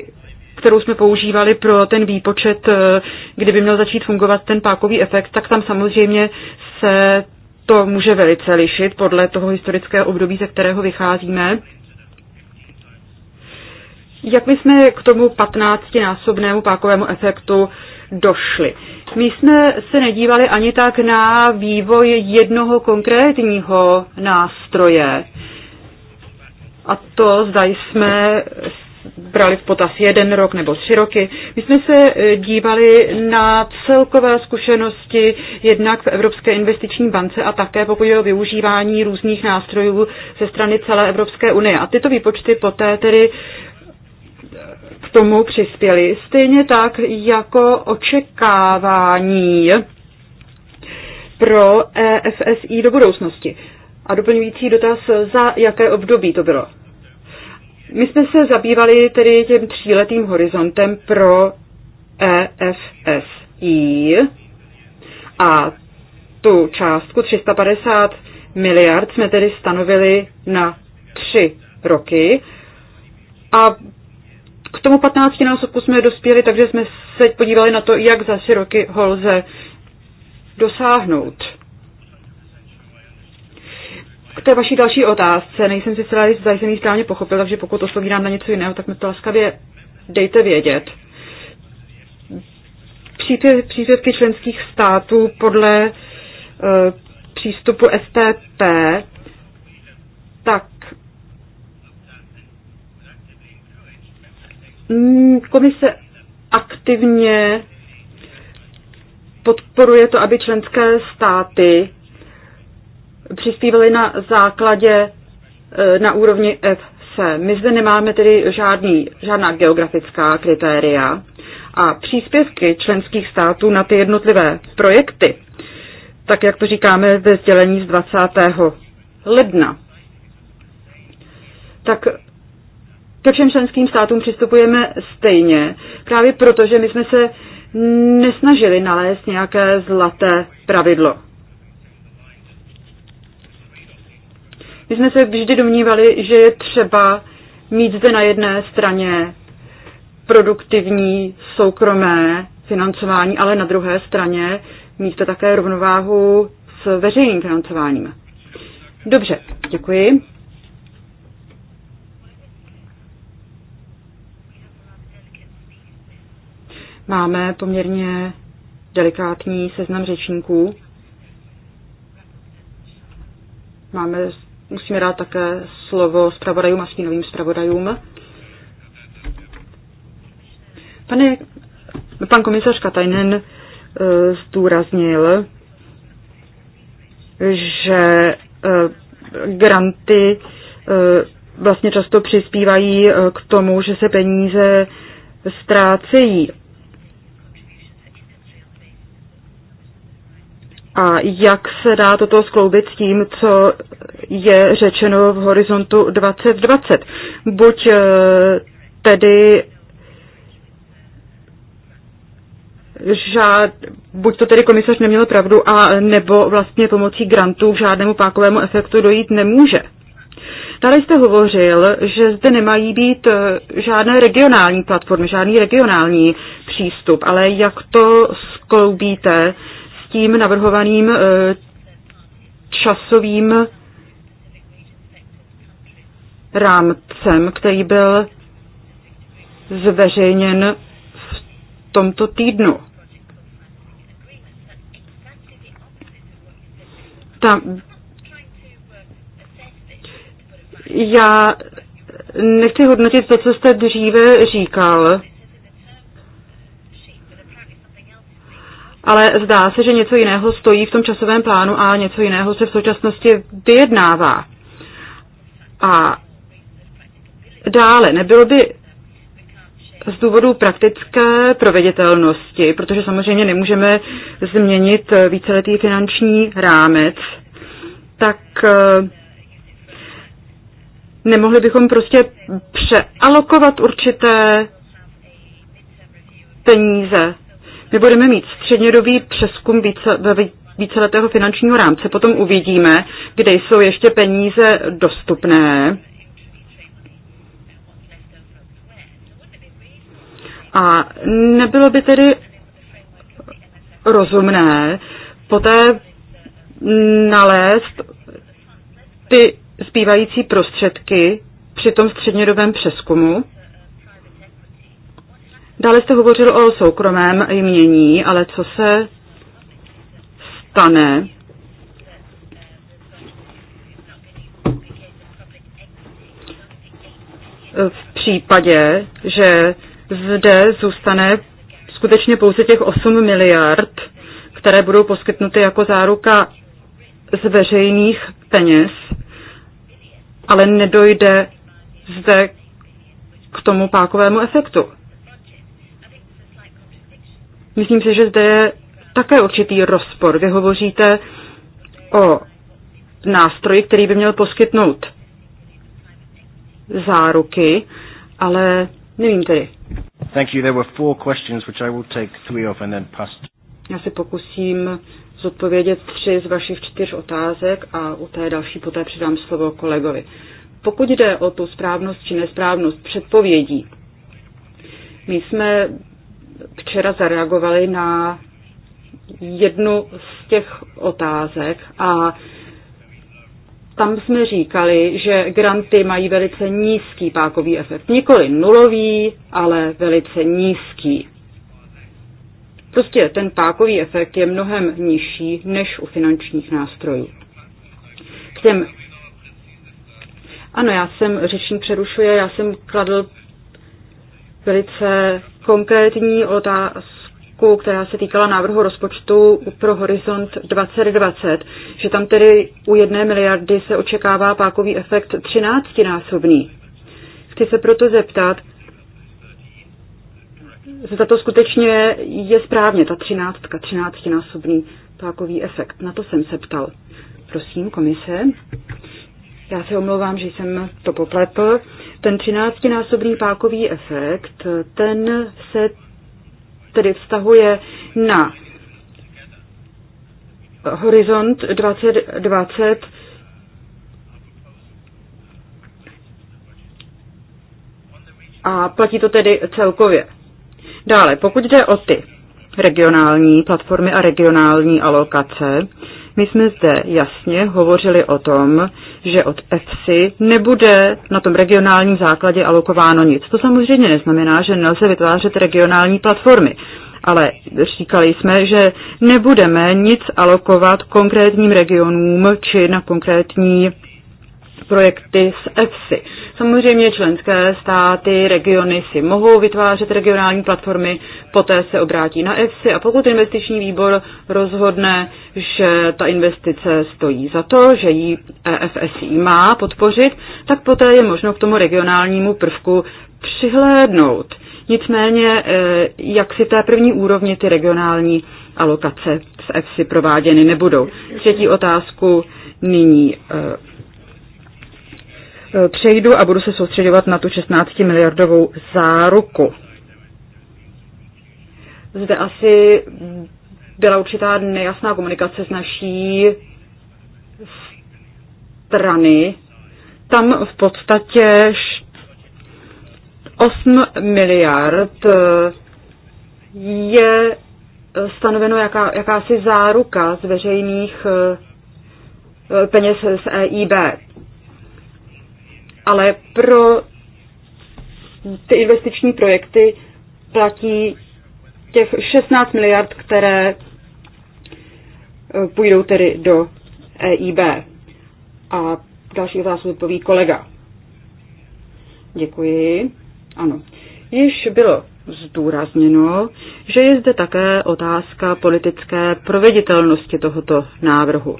kterou jsme používali pro ten výpočet, eh, kdyby měl začít fungovat ten pákový efekt, tak tam samozřejmě se to může velice lišit podle toho historického období, ze kterého vycházíme. Jak my jsme k tomu 15-násobnému pákovému efektu došli? My jsme se nedívali ani tak na vývoj jednoho konkrétního nástroje. A to zda jsme brali v potaz jeden rok nebo tři roky. My jsme se e, dívali na celkové zkušenosti jednak v Evropské investiční bance a také pokud je o využívání různých nástrojů ze strany celé Evropské unie. A tyto výpočty poté tedy k tomu přispěly. Stejně tak jako očekávání pro EFSI do budoucnosti. A doplňující dotaz, za jaké období to bylo? My jsme se zabývali tedy tím tříletým horizontem pro EFSI a tu částku 350 miliard jsme tedy stanovili na tři roky a k tomu 15 násobku jsme dospěli, takže jsme se podívali na to, jak za tři roky ho lze dosáhnout té vaší další otázce, nejsem si celá jistá, jsem ji správně pochopil, takže pokud odpovídám na něco jiného, tak mi to laskavě dejte vědět. Příspěvky členských států podle e, přístupu STP, tak mm, komise aktivně podporuje to, aby členské státy přispívali na základě e, na úrovni FC. My zde nemáme tedy žádný, žádná geografická kritéria a příspěvky členských států na ty jednotlivé projekty, tak jak to říkáme ve sdělení z 20. ledna, tak ke všem členským státům přistupujeme stejně, právě proto, že my jsme se nesnažili nalézt nějaké zlaté pravidlo. My jsme se vždy domnívali, že je třeba mít zde na jedné straně produktivní soukromé financování, ale na druhé straně mít to také rovnováhu s veřejným financováním. Dobře, děkuji. Máme poměrně delikátní seznam řečníků. Máme musíme dát také slovo zpravodajům a stínovým zpravodajům. Pane, pan komisař Katajnen eh, zdůraznil, že eh, granty eh, vlastně často přispívají k tomu, že se peníze ztrácejí. a jak se dá toto skloubit s tím, co je řečeno v horizontu 2020. Buď eh, tedy žád, buď to tedy komisař neměl pravdu, a nebo vlastně pomocí grantů k žádnému pákovému efektu dojít nemůže. Tady jste hovořil, že zde nemají být eh, žádné regionální platformy, žádný regionální přístup, ale jak to skloubíte tím navrhovaným eh, časovým rámcem, který byl zveřejněn v tomto týdnu. Ta, já nechci hodnotit to, co jste dříve říkal, ale zdá se, že něco jiného stojí v tom časovém plánu a něco jiného se v současnosti vyjednává. A dále nebylo by z důvodu praktické proveditelnosti, protože samozřejmě nemůžeme změnit víceletý finanční rámec, tak eh, nemohli bychom prostě přealokovat určité peníze my budeme mít střednědobý přeskum více, víceletého finančního rámce. Potom uvidíme, kde jsou ještě peníze dostupné. A nebylo by tedy rozumné poté nalézt ty zbývající prostředky při tom střednědobém přeskumu? Dále jste hovořil o soukromém jmění, ale co se stane, v případě, že zde zůstane skutečně pouze těch 8 miliard, které budou poskytnuty jako záruka z veřejných peněz, ale nedojde zde k tomu pákovému efektu. Myslím si, že zde je také určitý rozpor. Vy hovoříte o nástroji, který by měl poskytnout záruky, ale nevím tedy. Thank you. There were four questions which I will take three of and then pass. Já se pokusím zodpovědět tři z vašich čtyř otázek a u té další poté přidám slovo kolegovi. Pokud jde o tu správnost či nesprávnost předpovědí, my jsme včera zareagovali na jednu z těch otázek a tam jsme říkali, že granty mají velice nízký pákový efekt. Nikoli nulový, ale velice nízký. Prostě ten pákový efekt je mnohem nižší než u finančních nástrojů. K těm... Ano, já jsem, řečník přerušuje, já jsem kladl velice konkrétní otázku, která se týkala návrhu rozpočtu pro Horizont 2020, že tam tedy u jedné miliardy se očekává pákový efekt 13-násobný. Chci se proto zeptat, zda to skutečně je správně, ta třináctka, třináctinásobný pákový efekt. Na to jsem se ptal. Prosím, komise. Já se omlouvám, že jsem to popletl. Ten třináctinásobný pákový efekt, ten se tedy vztahuje na horizont 2020 a platí to tedy celkově. Dále, pokud jde o ty regionální platformy a regionální alokace, my jsme zde jasně hovořili o tom, že od EFSI nebude na tom regionálním základě alokováno nic. To samozřejmě neznamená, že nelze vytvářet regionální platformy. Ale říkali jsme, že nebudeme nic alokovat konkrétním regionům či na konkrétní projekty z EFSI. Samozřejmě členské státy, regiony si mohou vytvářet regionální platformy, poté se obrátí na EFSI a pokud investiční výbor rozhodne, že ta investice stojí za to, že ji EFSI má podpořit, tak poté je možno k tomu regionálnímu prvku přihlédnout. Nicméně, eh, jak si té první úrovni ty regionální alokace z EFSI prováděny nebudou. Třetí otázku nyní eh, Eh, přejdu a budu se soustředovat na tu 16 miliardovou záruku. Zde asi byla určitá nejasná komunikace z naší strany. Tam v podstatě 8 miliard eh, je stanoveno jaká, jakási záruka z veřejných eh, peněz z EIB ale pro ty investiční projekty platí těch 16 miliard, které eh, půjdou tedy do EIB. A další otázku odpoví kolega. Děkuji. Ano. Již bylo zdůrazněno, že je zde také otázka politické proveditelnosti tohoto návrhu.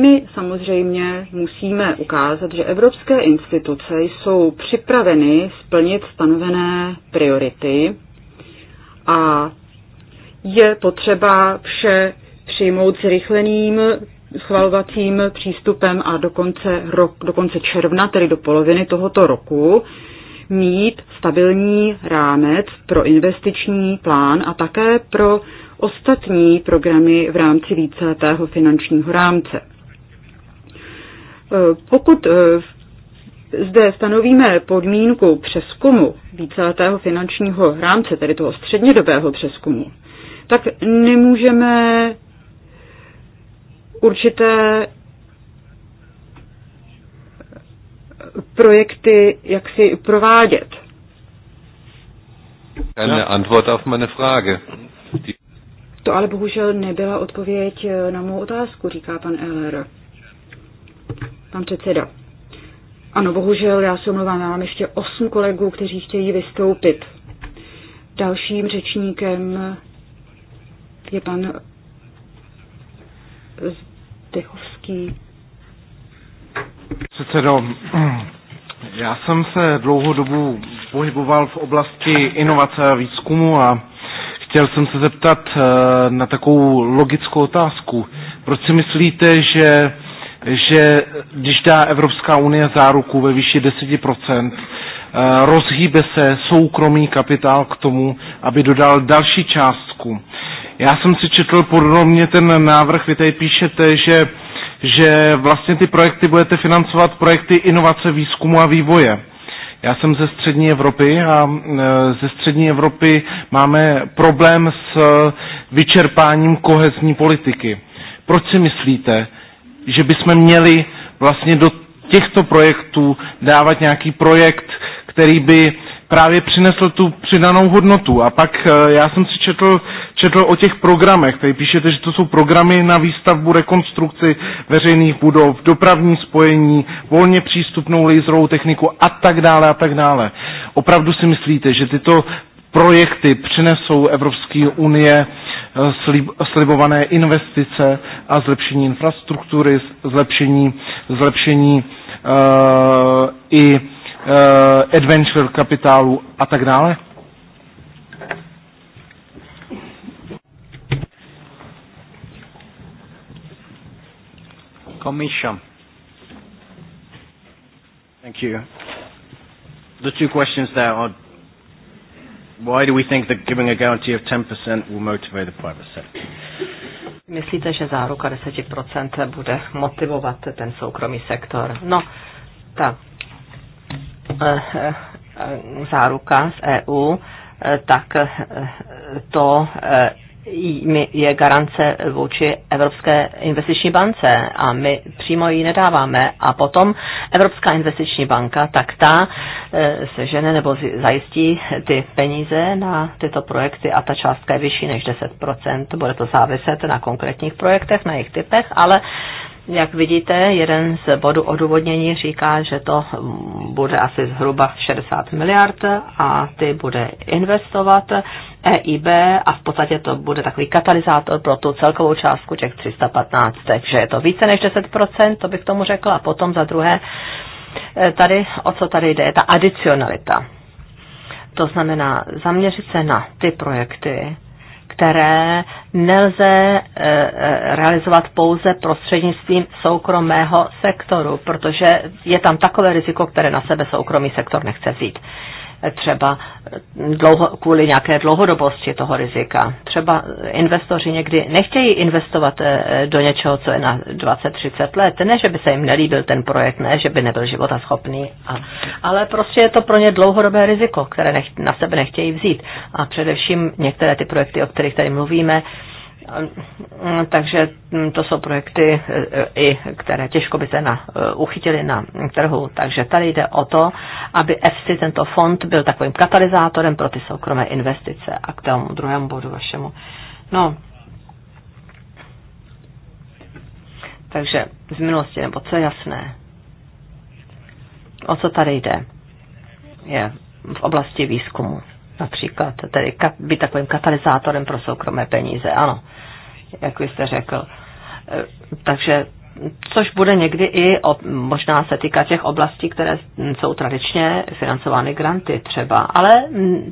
My samozřejmě musíme ukázat, že evropské instituce jsou připraveny splnit stanovené priority a je potřeba vše přijmout rychleným schvalovacím přístupem a do konce, rok, do konce června, tedy do poloviny tohoto roku, mít stabilní rámec pro investiční plán a také pro ostatní programy v rámci víceletého finančního rámce. Eh, pokud eh, zde stanovíme podmínku přeskumu víceletého finančního rámce, tedy toho střednědobého přeskumu, tak nemůžeme určité projekty jaksi provádět. Eine Antwort auf meine Frage. To ale bohužel nebyla odpověď eh, na mou otázku, říká pan Eller. Pan předseda. Ano, bohužel, já se omlouvám, já mám ještě osm kolegů, kteří chtějí vystoupit. Dalším řečníkem je pan Zdechovský. Předsedo, já jsem se dlouhou dobu pohyboval v oblasti inovace a výzkumu a chtěl jsem se zeptat eh, na takovou logickou otázku. Proč si myslíte, že že když dá Evropská unie záruku ve výši 10%, eh, rozhýbe se soukromý kapitál k tomu, aby dodal další částku. Já jsem si četl podrobně ten návrh, vy tady píšete, že, že vlastně ty projekty budete financovat projekty inovace, výzkumu a vývoje. Já jsem ze střední Evropy a eh, ze střední Evropy máme problém s eh, vyčerpáním kohezní politiky. Proč si myslíte, že bychom měli vlastně do těchto projektů dávat nějaký projekt, který by právě přinesl tu přidanou hodnotu. A pak eh, já jsem si četl, četl o těch programech. Tady píšete, že to jsou programy na výstavbu, rekonstrukci veřejných budov, dopravní spojení, volně přístupnou laserovou techniku a tak dále a tak dále. Opravdu si myslíte, že tyto projekty přinesou Evropské unie slib, slibované investice a zlepšení infrastruktury, zlepšení, zlepšení uh, i uh, adventure kapitálu a tak dále? Commission. Thank you. The two questions there are Why do we think that giving a guarantee of 10% will motivate the private sector? Myslíte, že záruka 10% bude motivovat ten soukromý sektor? No, ta eh, eh, záruka z EU, eh, tak to je garance vůči Evropské investiční bance a my přímo ji nedáváme. A potom Evropská investiční banka, tak ta eh, sežene nebo zajistí ty peníze na tyto projekty a ta částka je vyšší než 10%. Bude to záviset na konkrétních projektech, na jejich typech, ale jak vidíte, jeden z bodů odůvodnění říká, že to bude asi zhruba 60 miliard a ty bude investovat EIB a v podstatě to bude takový katalyzátor pro tu celkovou částku těch 315, takže je to více než 10%, to bych tomu řekla. A potom za druhé, eh, tady, o co tady jde, je ta adicionalita. To znamená zaměřit se na ty projekty, které nelze eh, eh, realizovat pouze prostřednictvím soukromého sektoru, protože je tam takové riziko, které na sebe soukromý sektor nechce vzít třeba dlouho, kvůli nějaké dlouhodobosti toho rizika. Třeba investoři někdy nechtějí investovat eh, do něčeho, co je na 20-30 let. Ne, že by se jim nelíbil ten projekt, ne, že by nebyl životaschopný, a, ale prostě je to pro ně dlouhodobé riziko, které nech, na sebe nechtějí vzít. A především některé ty projekty, o kterých tady mluvíme, takže to jsou projekty, e, e, i které těžko by se na, e, uchytili na trhu. Takže tady jde o to, aby EFSI, tento fond, byl takovým katalyzátorem pro ty soukromé investice. A k tomu druhému bodu vašemu. No, takže z minulosti, nebo co je jasné? O co tady jde? Je v oblasti výzkumu například tedy být takovým katalyzátorem pro soukromé peníze, ano, jak vy jste řekl. E, takže což bude někdy i, možná se týká těch oblastí, které jsou tradičně financovány granty třeba, ale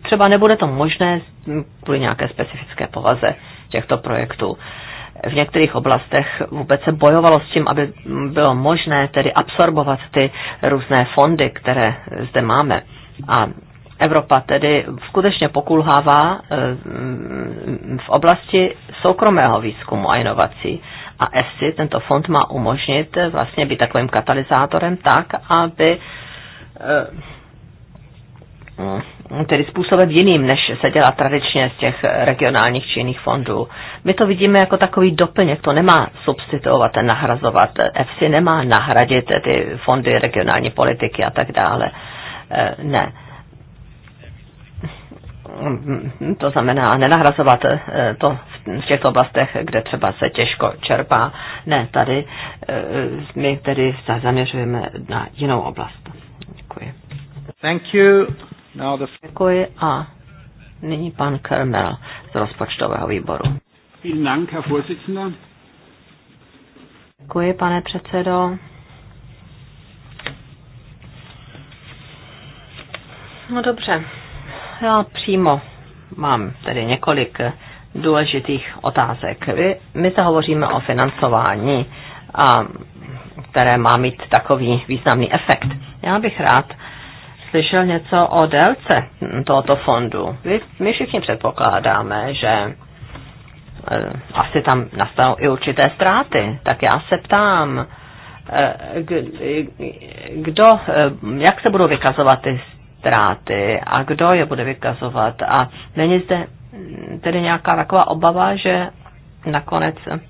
třeba nebude to možné kvůli nějaké specifické povaze těchto projektů. V některých oblastech vůbec se bojovalo s tím, aby bylo možné tedy absorbovat ty různé fondy, které zde máme. A Evropa tedy skutečně pokulhává eh, v oblasti soukromého výzkumu a inovací. A ESI, tento fond, má umožnit eh, vlastně být takovým katalyzátorem tak, aby eh, tedy způsobem jiným, než se dělá tradičně z těch regionálních či jiných fondů. My to vidíme jako takový doplněk, to nemá substituovat, nahrazovat. EFSI nemá nahradit ty fondy regionální politiky a tak dále. Ne to znamená nenahrazovat eh, to v těchto oblastech, kde třeba se těžko čerpá. Ne, tady eh, my tedy se zaměřujeme na jinou oblast. Děkuji. Thank you. Now the... Děkuji a nyní pan Kermel z rozpočtového výboru. Vielen Dank, Herr Vorsitzender. Děkuji, pane předsedo. No dobře, já přímo mám tedy několik eh, důležitých otázek. My se hovoříme o financování, a, které má mít takový významný efekt. Já bych rád slyšel něco o délce hm, tohoto fondu. My všichni předpokládáme, že eh, asi tam nastanou i určité ztráty. Tak já se ptám, eh, kdo, jak se budou vykazovat ty ztráty a kdo je bude vykazovat. A není zde tedy nějaká taková obava, že nakonec eh,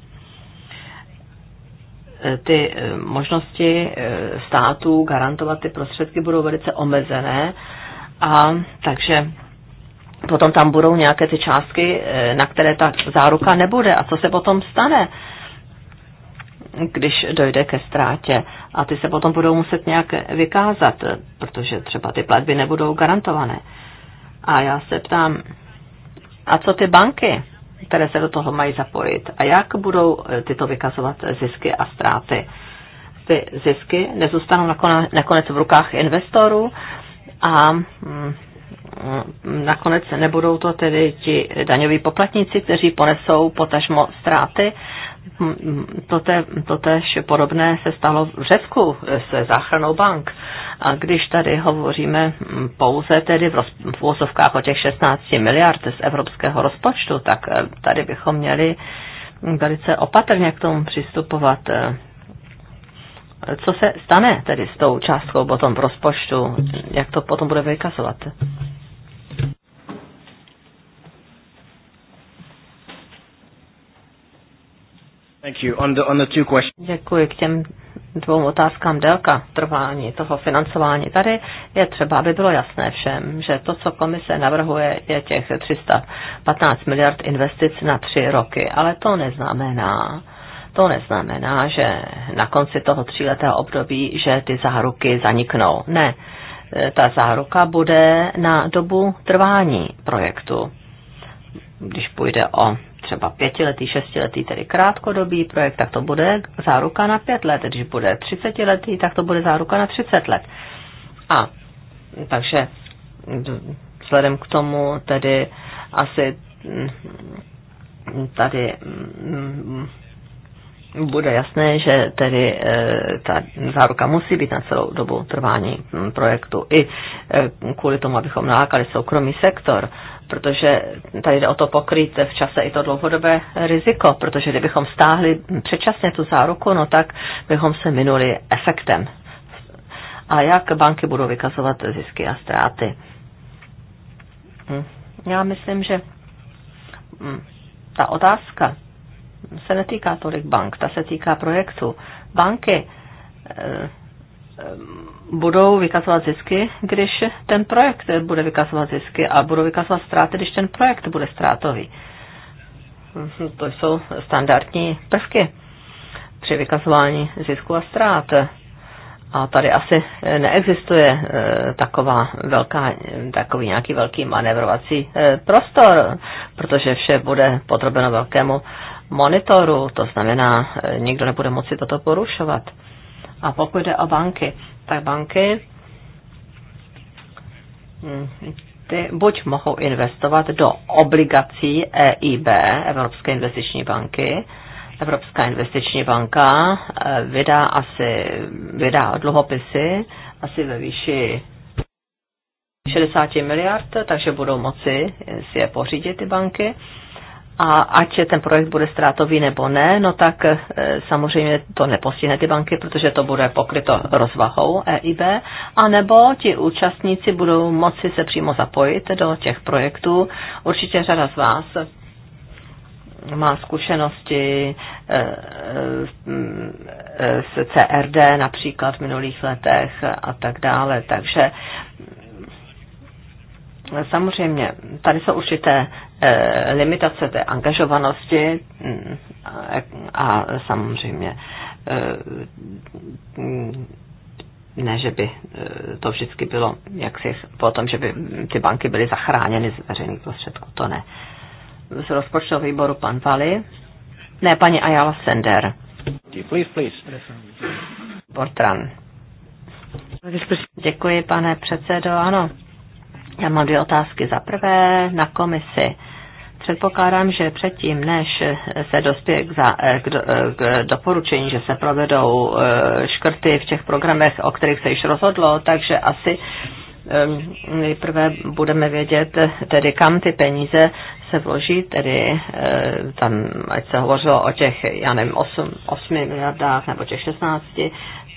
ty eh, možnosti eh, států garantovat ty prostředky budou velice omezené a takže potom tam budou nějaké ty částky, na které ta záruka nebude. A co se potom stane, když dojde ke ztrátě? a ty se potom budou muset nějak vykázat, protože třeba ty platby nebudou garantované. A já se ptám, a co ty banky, které se do toho mají zapojit? A jak budou eh, tyto vykazovat zisky a ztráty? Ty zisky nezůstanou nakonec v rukách investorů a mm, mm, nakonec nebudou to tedy ti daňoví poplatníci, kteří ponesou potažmo ztráty Toté, totéž podobné se stalo v Řecku se záchranou bank. A když tady hovoříme pouze tedy v, roz, v úzovkách o těch 16 miliard z evropského rozpočtu, tak eh, tady bychom měli velice opatrně k tomu přistupovat. Eh, co se stane tedy s tou částkou potom v rozpočtu? Jak to potom bude vykazovat? Thank you. On the, on the two questions. Děkuji k těm dvou otázkám délka trvání toho financování. Tady je třeba, aby bylo jasné všem, že to, co komise navrhuje, je těch 315 miliard investic na tři roky, ale to neznamená, to neznamená, že na konci toho tříletého období, že ty záruky zaniknou. Ne, ta záruka bude na dobu trvání projektu, když půjde o třeba pětiletý, šestiletý, tedy krátkodobý projekt, tak to bude záruka na pět let. Když bude třicetiletý, tak to bude záruka na třicet let. A takže vzhledem k tomu tedy asi mm, tady mm, bude jasné, že tedy e, ta záruka musí být na celou dobu trvání mm, projektu i e, kvůli tomu, abychom nalákali soukromý sektor protože tady jde o to pokryt v čase i to dlouhodobé riziko, protože kdybychom stáhli předčasně tu záruku, no tak bychom se minuli efektem. A jak banky budou vykazovat zisky a ztráty? Hm. Já myslím, že hm, ta otázka se netýká tolik bank, ta se týká projektu. Banky eh, budou vykazovat zisky, když ten projekt bude vykazovat zisky a budou vykazovat ztráty, když ten projekt bude ztrátový. Mhm, to jsou standardní prvky při vykazování zisku a ztrát. A tady asi neexistuje eh, taková velká, takový nějaký velký manevrovací eh, prostor, protože vše bude podrobeno velkému monitoru, to znamená, eh, nikdo nebude moci toto porušovat. A pokud jde o banky, tak banky mm, ty buď mohou investovat do obligací EIB, Evropské investiční banky, Evropská investiční banka eh, vydá asi vydá dluhopisy asi ve výši 60 miliard, takže budou moci si je pořídit ty banky a ať ten projekt bude ztrátový nebo ne, no tak eh, samozřejmě to nepostihne ty banky, protože to bude pokryto rozvahou EIB, a nebo ti účastníci budou moci se přímo zapojit do těch projektů. Určitě řada z vás má zkušenosti eh, eh, s CRD například v minulých letech a tak dále, takže Samozřejmě, tady jsou určité Eh, limitace té angažovanosti mm, a samozřejmě eh, mm, ne, že by eh, to vždycky bylo jaksi po tom, že by ty banky byly zachráněny z veřejných prostředků, to ne. Z rozpočtového výboru pan Vali, ne, paní Ayala Sender. Please, please. Bortran. Děkuji, pane předsedo, ano já mám dvě otázky. Za prvé na komisi. Předpokládám, že předtím, než se dospěje k, za, eh, k, do, eh, k doporučení, že se provedou eh, škrty v těch programech, o kterých se již rozhodlo, takže asi nejprve budeme vědět, tedy kam ty peníze se vloží, tedy tam, ať se hovořilo o těch, já nevím, 8, 8 miliardách nebo těch 16,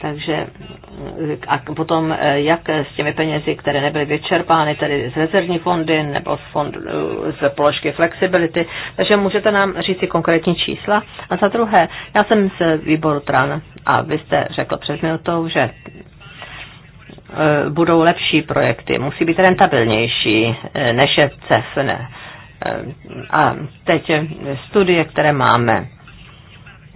takže a potom eh, jak s těmi penězi, které nebyly vyčerpány, tedy z rezervní fondy nebo z, fond, eh, z položky flexibility. Takže můžete nám říct si konkrétní čísla. A za druhé, já jsem z výboru TRAN a vy jste řekl před minutou, že eh, budou lepší projekty, musí být rentabilnější než je CEF. Ne. A teď studie, které máme,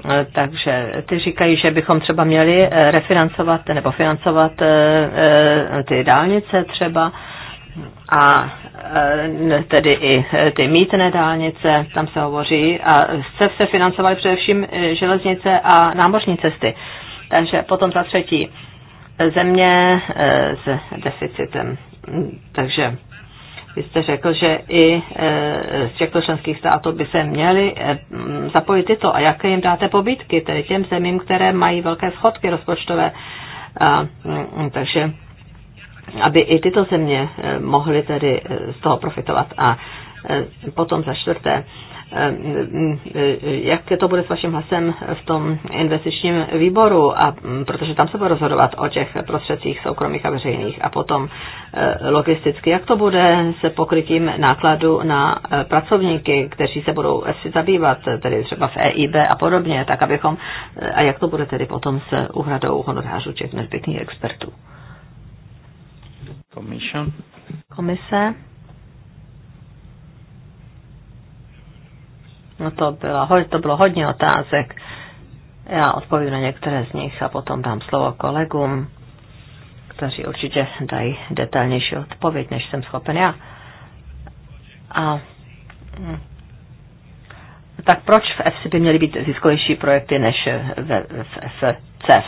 Eh, takže ty říkají, že bychom třeba měli eh, refinancovat nebo financovat eh, ty dálnice třeba a tedy i ty mítné dálnice, tam se hovoří, a se, se financovaly především železnice a námořní cesty. Takže potom za třetí, země s deficitem. Hm, takže vy jste řekl, že i e, z těchto členských států by se měly e, zapojit tyto. A jaké jim dáte pobídky, tedy těm zemím, které mají velké schodky rozpočtové? A, takže aby i tyto země e, mohly tedy z toho profitovat. A potom za čtvrté, Eh, eh, eh, jak to bude s vaším hlasem v tom investičním výboru, a, mm, protože tam se bude rozhodovat o těch prostředcích soukromých a veřejných a potom logisticky, jak to bude se pokrytím nákladu na pracovníky, kteří se budou si zabývat, tedy třeba v EIB a podobně, tak abychom, a jak to bude tedy potom s úhradou honorářů těch nezbytných expertů. Komise. No to, bylo, to bylo hodně otázek. Já odpovím na některé z nich a potom dám slovo kolegům, kteří určitě dají detailnější odpověď, než jsem schopen já. A hm, tak proč v EFSI by měly být ziskovější projekty než v, v, v CEF?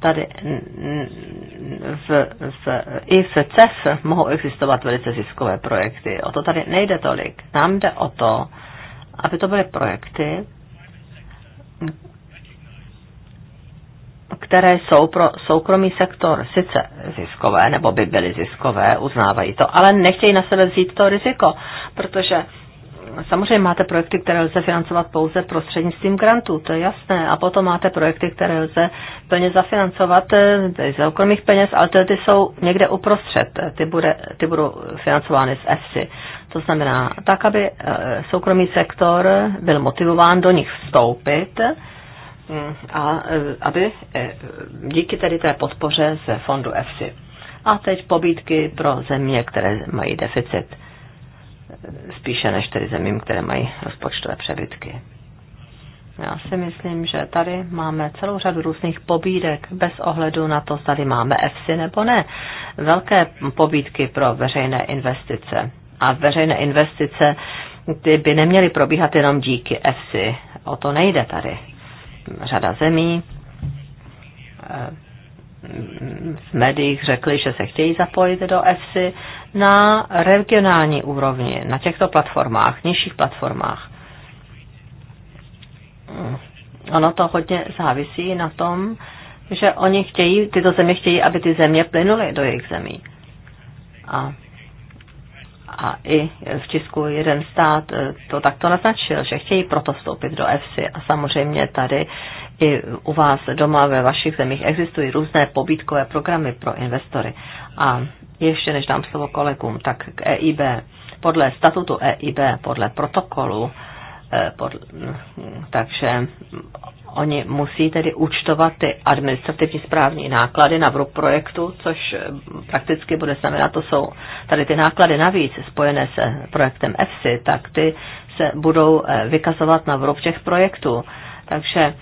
Tady v, v, i v CEF mohou existovat velice ziskové projekty. O to tady nejde tolik. Nám jde o to, aby to byly projekty, které jsou pro soukromý sektor sice ziskové, nebo by byly ziskové, uznávají to, ale nechtějí na sebe vzít to riziko, protože samozřejmě máte projekty, které lze financovat pouze prostřednictvím grantů, to je jasné, a potom máte projekty, které lze plně zafinancovat eh, z soukromých peněz, ale ty jsou někde uprostřed, eh, ty, bude, ty budou financovány z EFSI. To znamená, tak, aby eh, soukromý sektor byl motivován do nich vstoupit mm, a eh, aby eh, díky tedy té podpoře ze fondu EFSI. A teď pobídky pro země, které mají deficit spíše než tedy zemím, které mají rozpočtové přebytky. Já si myslím, že tady máme celou řadu různých pobídek, bez ohledu na to, zda máme EFSI nebo ne. Velké pobídky pro veřejné investice a veřejné investice ty by neměly probíhat jenom díky EFSI. O to nejde tady. Řada zemí eh, v médiích řekli, že se chtějí zapojit do EFSI na regionální úrovni, na těchto platformách, nižších platformách. Ono to hodně závisí na tom, že oni chtějí, tyto země chtějí, aby ty země plynuly do jejich zemí. A a i v Česku jeden stát eh, to takto naznačil, že chtějí proto vstoupit do EFSI a samozřejmě tady i u vás doma ve vašich zemích existují různé pobídkové programy pro investory. A ještě než dám slovo kolegům, tak k EIB. Podle statutu EIB, podle protokolu, eh, pod, takže Oni musí tedy účtovat ty administrativní správní náklady na vrub projektu, což eh, prakticky bude znamenat, to jsou tady ty náklady navíc spojené se projektem EFSI, tak ty se budou eh, vykazovat na vrub těch projektů. Takže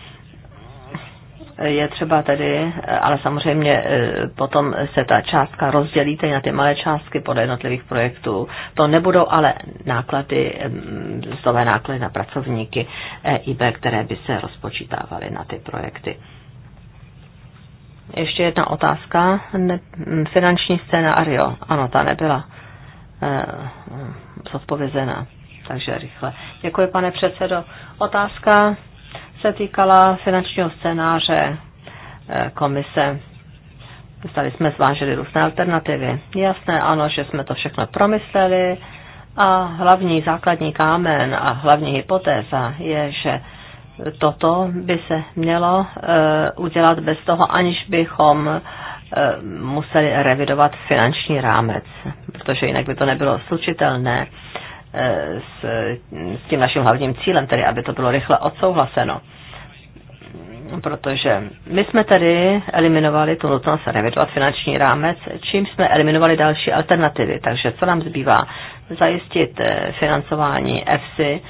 je třeba tedy, ale samozřejmě eh, potom se ta částka rozdělí na ty malé částky podle jednotlivých projektů. To nebudou ale náklady, mm, zdové náklady na pracovníky EIB, které by se rozpočítávaly na ty projekty. Ještě jedna otázka. Ne, mm, finanční Ario. Ano, ta nebyla eh, mm, zodpovězena. Takže rychle. Děkuji, pane předsedo. Otázka se týkala finančního scénáře eh, komise. Tady jsme zvážili různé alternativy. Jasné, ano, že jsme to všechno promysleli a hlavní základní kámen a hlavní hypotéza je, že toto by se mělo eh, udělat bez toho, aniž bychom eh, museli revidovat finanční rámec, protože jinak by to nebylo slučitelné s, s tím naším hlavním cílem, tedy aby to bylo rychle odsouhlaseno protože my jsme tady eliminovali tu nutnost revidovat finanční rámec, čím jsme eliminovali další alternativy. Takže co nám zbývá? Zajistit eh, financování EFSI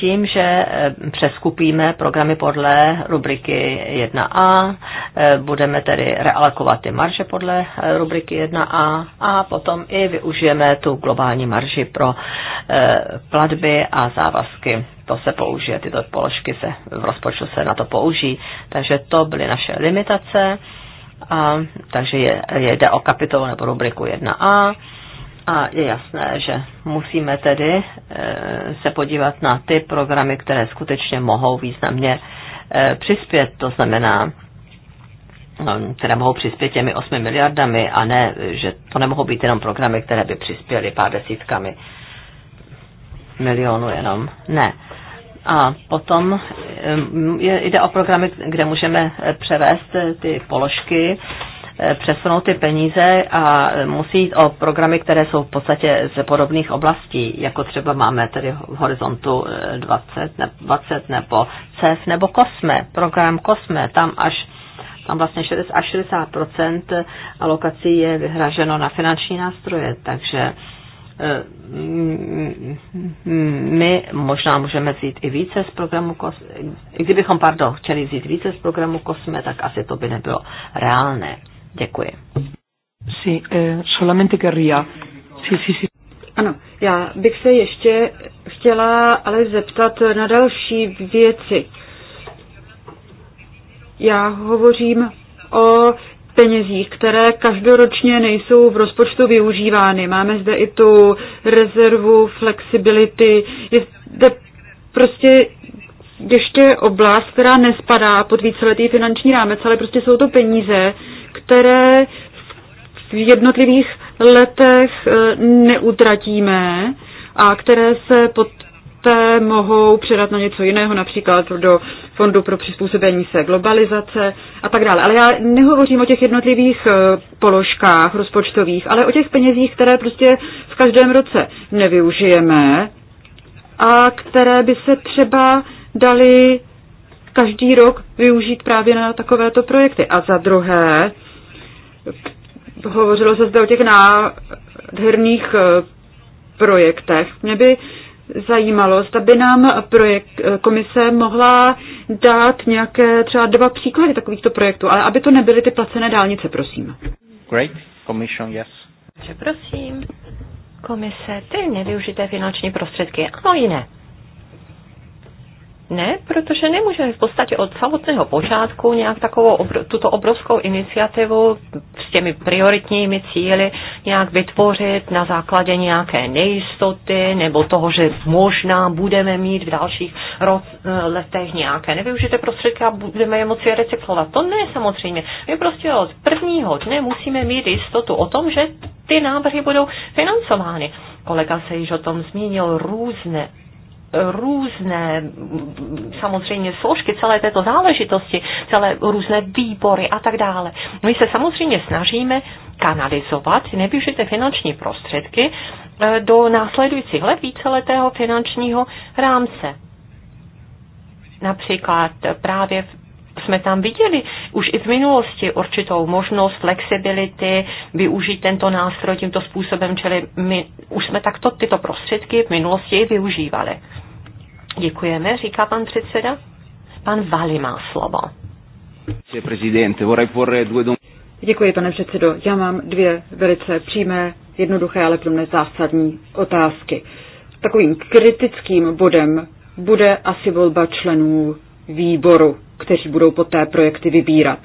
tím, že eh, přeskupíme programy podle rubriky 1a, eh, budeme tedy realokovat ty marže podle rubriky 1a a potom i využijeme tu globální marži pro platby a závazky to se použije, tyto položky se v rozpočtu se na to použijí. Takže to byly naše limitace, a, takže je, je, jde o kapitolu nebo rubriku 1a. A je jasné, že musíme tedy e, se podívat na ty programy, které skutečně mohou významně e, přispět, to znamená, no, které mohou přispět těmi 8 miliardami a ne, že to nemohou být jenom programy, které by přispěly pár desítkami milionů jenom. Ne. A potom jde o programy, kde můžeme eh, převést eh, ty položky, eh, přesunout ty peníze a musí jít o programy, které jsou v podstatě z podobných oblastí, jako třeba máme tedy v horizontu 20, ne, 20 nebo CEF nebo COSME, program COSME, tam až tam vlastně 60, až 60 alokací je vyhraženo na finanční nástroje, takže my možná můžeme vzít i více z programu COSME. Kdybychom, pardon, chtěli vzít více z programu COSME, tak asi to by nebylo reálné. Děkuji. Sí, eh, solamente querría. Sí, sí, sí. Ano, já bych se ještě chtěla ale zeptat na další věci. Já hovořím o penězích, které každoročně nejsou v rozpočtu využívány. Máme zde i tu rezervu, flexibility. Je zde prostě ještě oblast, která nespadá pod víceletý finanční rámec, ale prostě jsou to peníze, které v jednotlivých letech e, neutratíme a které se pod té mohou předat na něco jiného, například do Fondu pro přizpůsobení se globalizace a tak dále. Ale já nehovořím o těch jednotlivých eh, položkách rozpočtových, ale o těch penězích, které prostě v každém roce nevyužijeme a které by se třeba dali každý rok využít právě na takovéto projekty. A za druhé, hovořilo se zde o těch nádherných eh, projektech. Mě by zajímalo, zda by nám projekt eh, komise mohla dát nějaké třeba dva příklady takovýchto projektů, ale aby to nebyly ty placené dálnice, prosím. Great. Commission, yes. Že prosím, komise, ty nevyužité finanční prostředky, ano jiné. Ne, protože nemůžeme v podstatě od samotného počátku nějak takovou obr- tuto obrovskou iniciativu s těmi prioritními cíly nějak vytvořit na základě nějaké nejistoty nebo toho, že možná budeme mít v dalších roc- eh, letech nějaké nevyužité prostředky a budeme je moci recyklovat. To ne samozřejmě. My prostě od prvního dne musíme mít jistotu o tom, že ty návrhy budou financovány. Kolega se již o tom zmínil různé různé samozřejmě složky celé této záležitosti, celé různé výbory a tak dále. My se samozřejmě snažíme kanalizovat nevyužité finanční prostředky eh, do následujících let víceletého finančního rámce. Například právě jsme tam viděli už i v minulosti určitou možnost flexibility, využít tento nástroj tímto způsobem, čili my už jsme takto tyto prostředky v minulosti i využívali. Děkujeme, říká pan předseda. Pan Vali má slovo. Děkuji, pane předsedo. Já mám dvě velice přímé, jednoduché, ale pro mě zásadní otázky. Takovým kritickým bodem bude asi volba členů výboru, kteří budou poté projekty vybírat.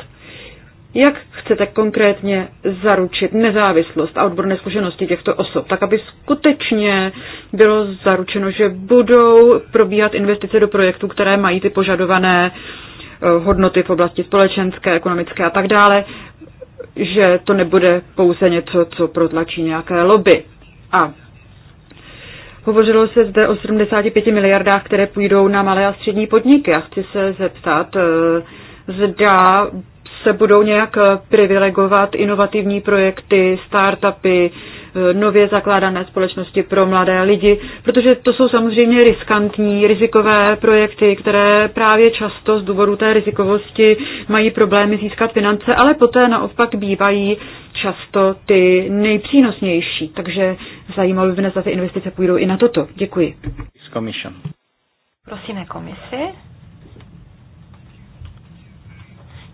Jak chcete konkrétně zaručit nezávislost a odborné zkušenosti těchto osob, tak aby skutečně bylo zaručeno, že budou probíhat investice do projektů, které mají ty požadované eh, hodnoty v oblasti společenské, ekonomické a tak dále, že to nebude pouze něco, co protlačí nějaké lobby. A Hovořilo se zde o 75 miliardách, které půjdou na malé a střední podniky. Já chci se zeptat, eh, zda se budou nějak privilegovat inovativní projekty, startupy, eh, nově zakládané společnosti pro mladé lidi, protože to jsou samozřejmě riskantní, rizikové projekty, které právě často z důvodu té rizikovosti mají problémy získat finance, ale poté naopak bývají často ty nejpřínosnější. Takže zajímalo by mě, zda ty investice půjdou i na toto. Děkuji. Prosíme komisi.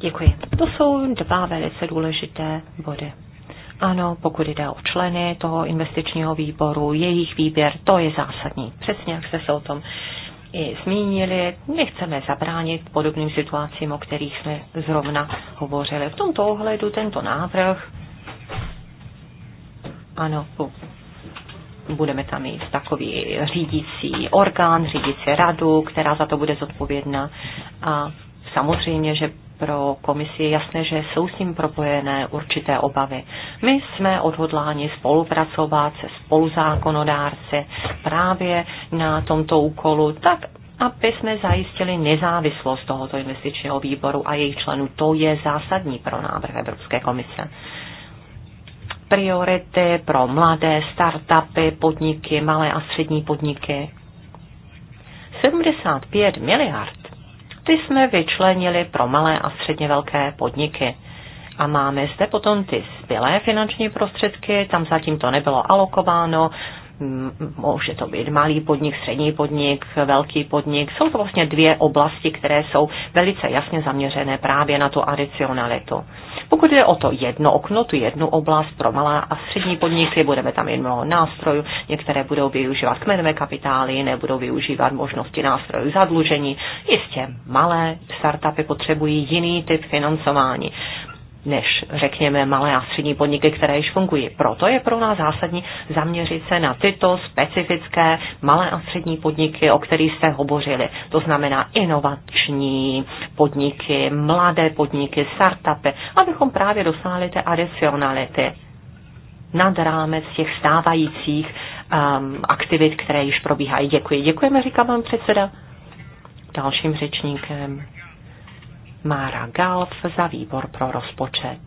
Děkuji. To jsou dva velice důležité body. Ano, pokud jde o členy toho investičního výboru, jejich výběr, to je zásadní. Přesně jak jste se o tom i zmínili, nechceme zabránit podobným situacím, o kterých jsme zrovna hovořili. V tomto ohledu tento návrh, ano, budeme tam mít takový řídící orgán, řídící radu, která za to bude zodpovědná a samozřejmě, že pro komisi je jasné, že jsou s ním propojené určité obavy. My jsme odhodláni spolupracovat se spoluzákonodárce právě na tomto úkolu, tak aby jsme zajistili nezávislost tohoto investičního výboru a jejich členů. To je zásadní pro návrh Evropské komise priority pro mladé startupy, podniky, malé a střední podniky. 75 miliard ty jsme vyčlenili pro malé a středně velké podniky. A máme zde potom ty zbylé finanční prostředky, tam zatím to nebylo alokováno, může mm, to být malý podnik, střední podnik, velký podnik. Jsou to vlastně dvě oblasti, které jsou velice jasně zaměřené právě na tu adicionalitu. Pokud jde o to jedno okno, tu jednu oblast pro malá a střední podniky, budeme tam jen mnoho nástrojů, některé budou využívat kmenové kapitály, jiné budou využívat možnosti nástrojů zadlužení. Jistě malé startupy potřebují jiný typ financování než, řekněme, malé a střední podniky, které již fungují. Proto je pro nás zásadní zaměřit se na tyto specifické malé a střední podniky, o kterých jste hovořili. To znamená inovační podniky, mladé podniky, startupy, abychom právě dosáhli té adicionality nad rámec těch stávajících um, aktivit, které již probíhají. Děkuji. Děkujeme, říká vám předseda. Dalším řečníkem Mára Galf za výbor pro rozpočet.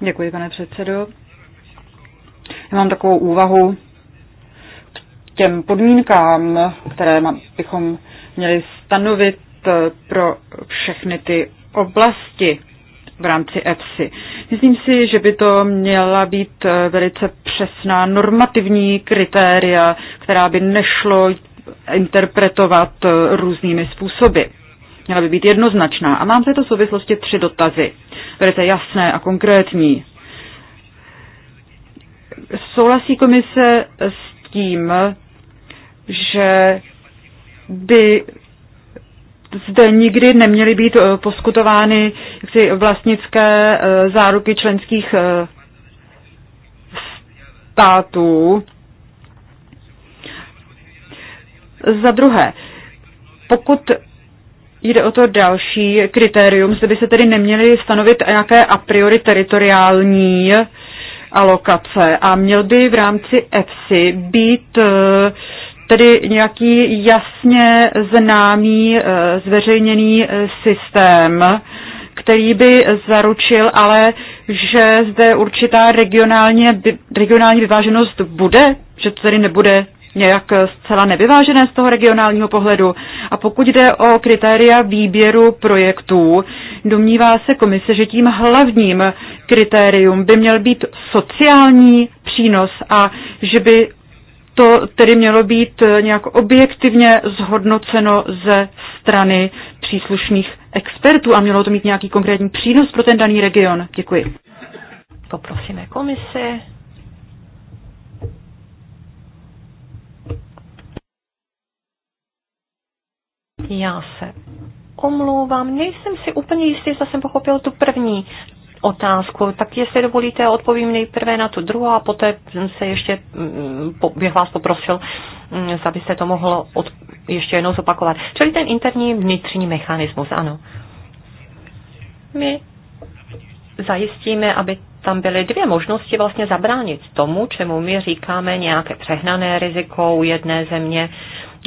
Děkuji, pane předsedo. Já mám takovou úvahu k těm podmínkám, které bychom měli stanovit eh, pro všechny ty oblasti v rámci EPSI. Myslím si, že by to měla být eh, velice přesná normativní kritéria, která by nešlo interpretovat eh, různými způsoby. Měla by být jednoznačná. A mám v této souvislosti tři dotazy. Velice jasné a konkrétní. Souhlasí komise s tím, že by zde nikdy neměly být eh, poskutovány jaksi vlastnické eh, záruky členských států za druhé, pokud jde o to další kritérium, zde by se tedy neměly stanovit nějaké a priori teritoriální alokace a měl by v rámci EFSI být eh, tedy nějaký jasně známý eh, zveřejněný eh, systém, který by zaručil ale, že zde určitá regionálně, regionální vyváženost bude, že to tedy nebude nějak zcela nevyvážené z toho regionálního pohledu. A pokud jde o kritéria výběru projektů, domnívá se komise, že tím hlavním kritérium by měl být sociální přínos a že by to tedy mělo být nějak objektivně zhodnoceno ze strany příslušných expertů a mělo to mít nějaký konkrétní přínos pro ten daný region. Děkuji. Poprosíme Komise. Já se omlouvám, nejsem si úplně jistý, zda jsem pochopil tu první otázku. Tak jestli dovolíte, odpovím nejprve na tu druhou a poté se ještě mm, bych vás poprosil, mm, abyste to mohlo od, ještě jednou zopakovat. Čili ten interní vnitřní mechanismus, ano. My zajistíme, aby tam byly dvě možnosti vlastně zabránit tomu, čemu my říkáme nějaké přehnané riziko u jedné země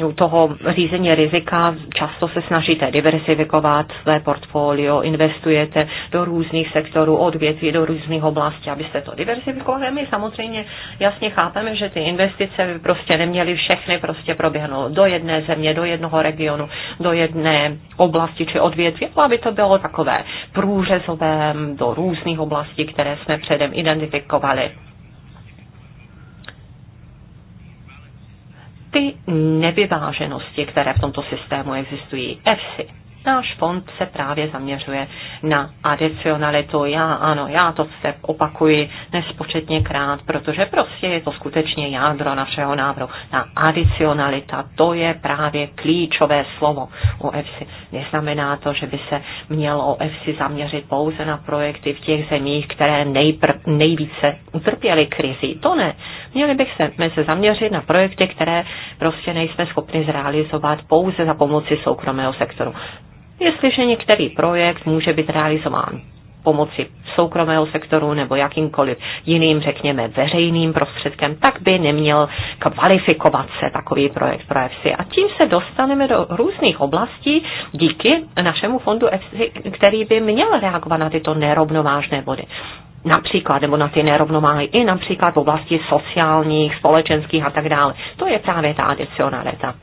u toho řízení rizika často se snažíte diversifikovat své portfolio, investujete do různých sektorů, odvětví, do různých oblastí, abyste to diversifikovali. My samozřejmě jasně chápeme, že ty investice by prostě neměly všechny prostě proběhnout do jedné země, do jednoho regionu, do jedné oblasti či odvětví, ale aby to bylo takové průřezové do různých oblastí, které jsme předem identifikovali. ty nevyváženosti, které v tomto systému existují. EFSI. Náš fond se právě zaměřuje na adicionalitu. Já ano, já to se opakuji nespočetně krát, protože prostě je to skutečně jádro našeho návrhu. Ta adicionalita, to je právě klíčové slovo u EFSI. Neznamená to, že by se mělo o EFSI zaměřit pouze na projekty v těch zemích, které nejpr- nejvíce utrpěly krizi. To ne. Měli bych se, se zaměřit na projekty, které prostě nejsme schopni zrealizovat pouze za pomoci soukromého sektoru. Jestliže některý projekt může být realizován pomoci soukromého sektoru nebo jakýmkoliv jiným, řekněme, veřejným prostředkem, tak by neměl kvalifikovat se takový projekt pro EFSI. A tím se dostaneme do různých oblastí díky našemu fondu EFSI, který by měl reagovat na tyto nerovnovážné body například, nebo na ty nerovnováhy, i například v oblasti sociálních, společenských a tak dále. To je právě ta adicionalita.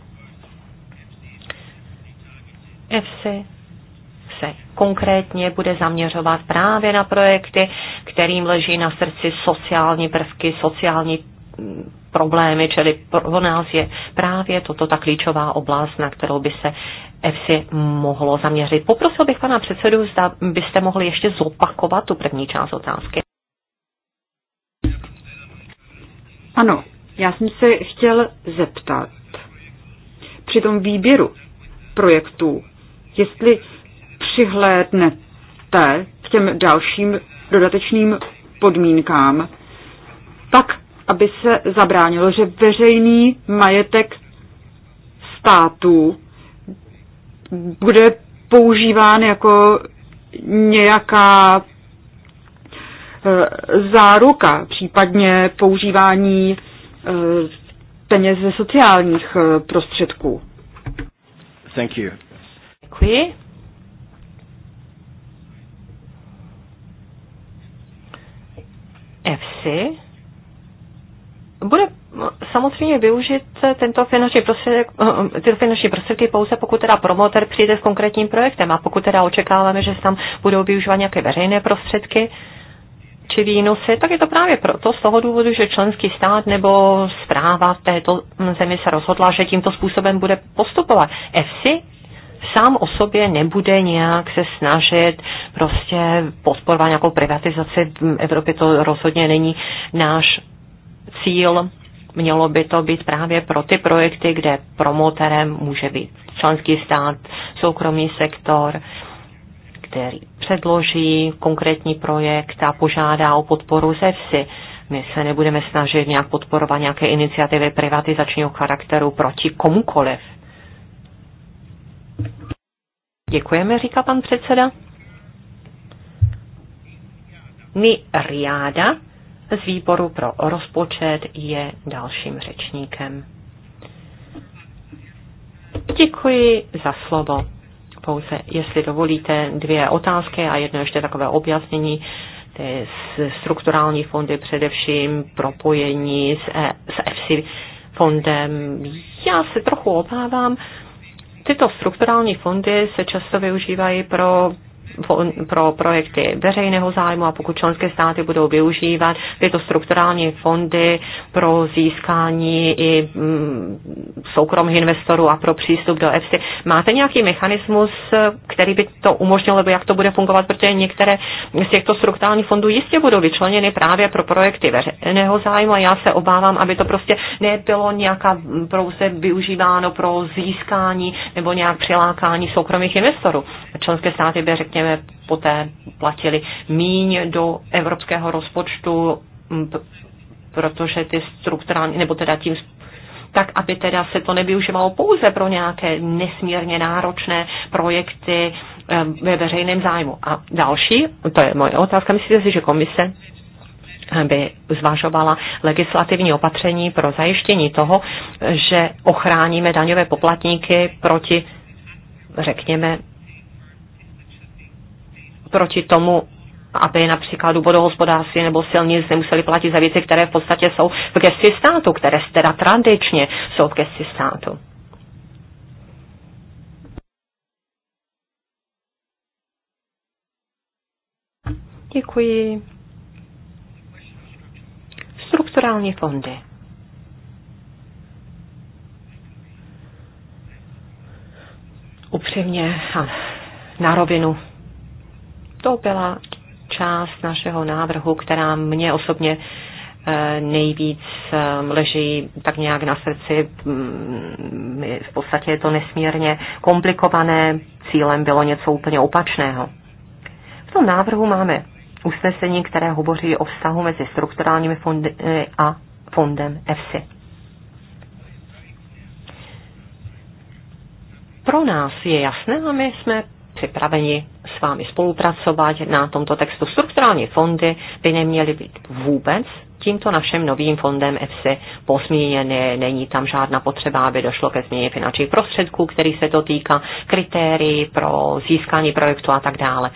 EFSI konkrétně bude zaměřovat právě na projekty, kterým leží na srdci sociální prvky, sociální mm, problémy, čili pro nás je právě toto ta klíčová oblast, na kterou by se EFSI mohlo zaměřit. Poprosil bych pana předsedu, zda byste mohli ještě zopakovat tu první část otázky. Ano, já jsem se chtěl zeptat při tom výběru projektů, jestli přihlédnete k těm dalším dodatečným podmínkám, tak, aby se zabránilo, že veřejný majetek státu bude používán jako nějaká eh, záruka, případně používání eh, peněz ze sociálních eh, prostředků. Thank you. Děkuji. EFSI bude samozřejmě využít tento finanční prostředek, eh, tyto finanční prostředky pouze pokud teda promotor přijde s konkrétním projektem a pokud teda očekáváme, že tam budou využívat nějaké veřejné prostředky či výnosy, tak je to právě proto z toho důvodu, že členský stát nebo zpráva v této zemi se rozhodla, že tímto způsobem bude postupovat. EFSI sám o sobě nebude nějak se snažit prostě podporovat nějakou privatizaci. V Evropě to rozhodně není náš cíl. Mělo by to být právě pro ty projekty, kde promotorem může být členský stát, soukromý sektor, který předloží konkrétní projekt a požádá o podporu ze vsi. My se nebudeme snažit nějak podporovat nějaké iniciativy privatizačního charakteru proti komukoliv. Děkujeme, říká pan předseda. Mi Riáda z výboru pro rozpočet je dalším řečníkem. Děkuji za slovo. Pouze, jestli dovolíte, dvě otázky a jedno ještě takové objasnění ty strukturální fondy, především propojení s, e- s EFSI fondem. Já se trochu obávám, Tyto strukturální fondy se často využívají pro pro projekty veřejného zájmu a pokud členské státy budou využívat tyto strukturální fondy pro získání i mm, soukromých investorů a pro přístup do EFSI. Máte nějaký mechanismus, který by to umožnil, nebo jak to bude fungovat, protože některé z těchto strukturálních fondů jistě budou vyčleněny právě pro projekty veřejného zájmu a já se obávám, aby to prostě nebylo nějaká mm, prouze využíváno pro získání nebo nějak přilákání soukromých investorů. Členské státy by, řekněme, budeme poté platili míň do evropského rozpočtu, protože ty strukturální, nebo teda tím tak aby teda se to nevyužívalo pouze pro nějaké nesmírně náročné projekty eh, ve veřejném zájmu. A další, to je moje otázka, myslíte si, že komise by zvažovala legislativní opatření pro zajištění toho, že ochráníme daňové poplatníky proti, řekněme, proti tomu, aby například u vodohospodářství nebo silnic nemuseli platit za věci, které v podstatě jsou v gesti státu, které teda tradičně jsou v gesti státu. Děkuji. Strukturální fondy. Upřímně a na rovinu to byla část našeho návrhu, která mě osobně eh, nejvíc eh, leží tak nějak na srdci. Mm, v podstatě je to nesmírně komplikované, cílem bylo něco úplně opačného. V tom návrhu máme usnesení, které hovoří o vztahu mezi strukturálními fondy eh, a fondem EFSI. Pro nás je jasné a my jsme připraveni s vámi spolupracovat na tomto textu. Strukturální fondy by neměly být vůbec tímto naším novým fondem EFSI posmíněny. Není tam žádná potřeba, aby došlo ke změně finančních prostředků, který se to týká, kritérií pro získání projektu a tak dále.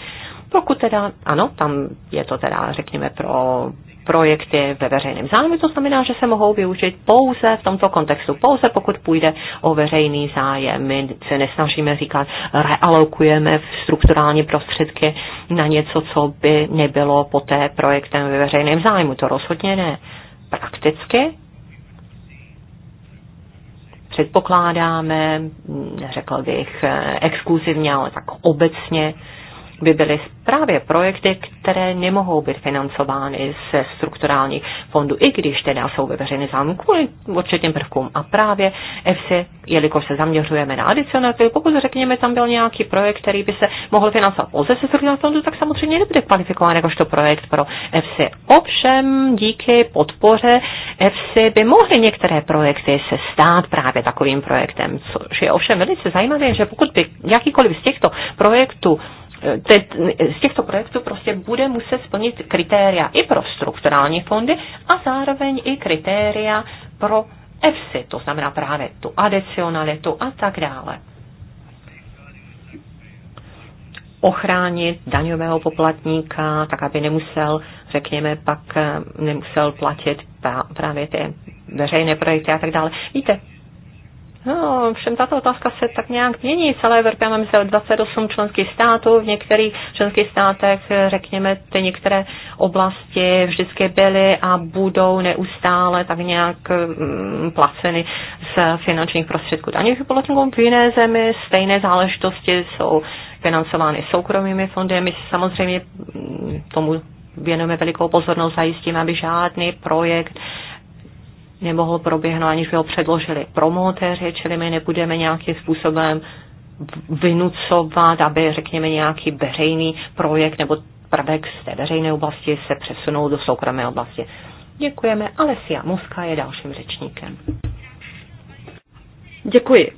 Pokud teda, ano, tam je to teda, řekněme, pro projekty ve veřejném zájmu. To znamená, že se mohou využít pouze v tomto kontextu, pouze pokud půjde o veřejný zájem. My se nesnažíme říkat, realokujeme strukturální prostředky na něco, co by nebylo poté projektem ve veřejném zájmu. To rozhodně ne. Prakticky předpokládáme, řekl bych eh, exkluzivně, ale tak obecně, by byly právě projekty, které nemohou být financovány ze strukturálních fondů, i když teda jsou ve veřejné zájmu kvůli určitým prvkům. A právě EFSI, jelikož se zaměřujeme na adicionalitu, pokud řekněme, tam byl nějaký projekt, který by se mohl financovat pouze ze strukturálních fondů, tak samozřejmě nebude kvalifikován jakožto projekt pro EFSI. Ovšem, díky podpoře EFSI by mohly některé projekty se stát právě takovým projektem, což je ovšem velice zajímavé, že pokud by jakýkoliv z těchto projektů te, z těchto projektů prostě bude muset splnit kritéria i pro strukturální fondy a zároveň i kritéria pro EFSI, to znamená právě tu adicionalitu a tak dále. Ochránit daňového poplatníka, tak aby nemusel, řekněme, pak eh, nemusel platit právě ty veřejné projekty a tak dále. Víte, No, všem tato otázka se tak nějak mění. Celé Evropě máme 28 členských států. V některých členských státech, řekněme, ty některé oblasti vždycky byly a budou neustále tak nějak mm, placeny z finančních prostředků daňových poplatníků. V jiné zemi stejné záležitosti jsou financovány soukromými fondy. My samozřejmě mm, tomu věnujeme velikou pozornost, zajistíme, aby žádný projekt nemohl proběhnout, aniž by ho předložili promotéři, čili my nebudeme nějakým způsobem vynucovat, aby, řekněme, nějaký veřejný projekt nebo prvek z té veřejné oblasti se přesunul do soukromé oblasti. Děkujeme. Alessia Muska je dalším řečníkem. Děkuji.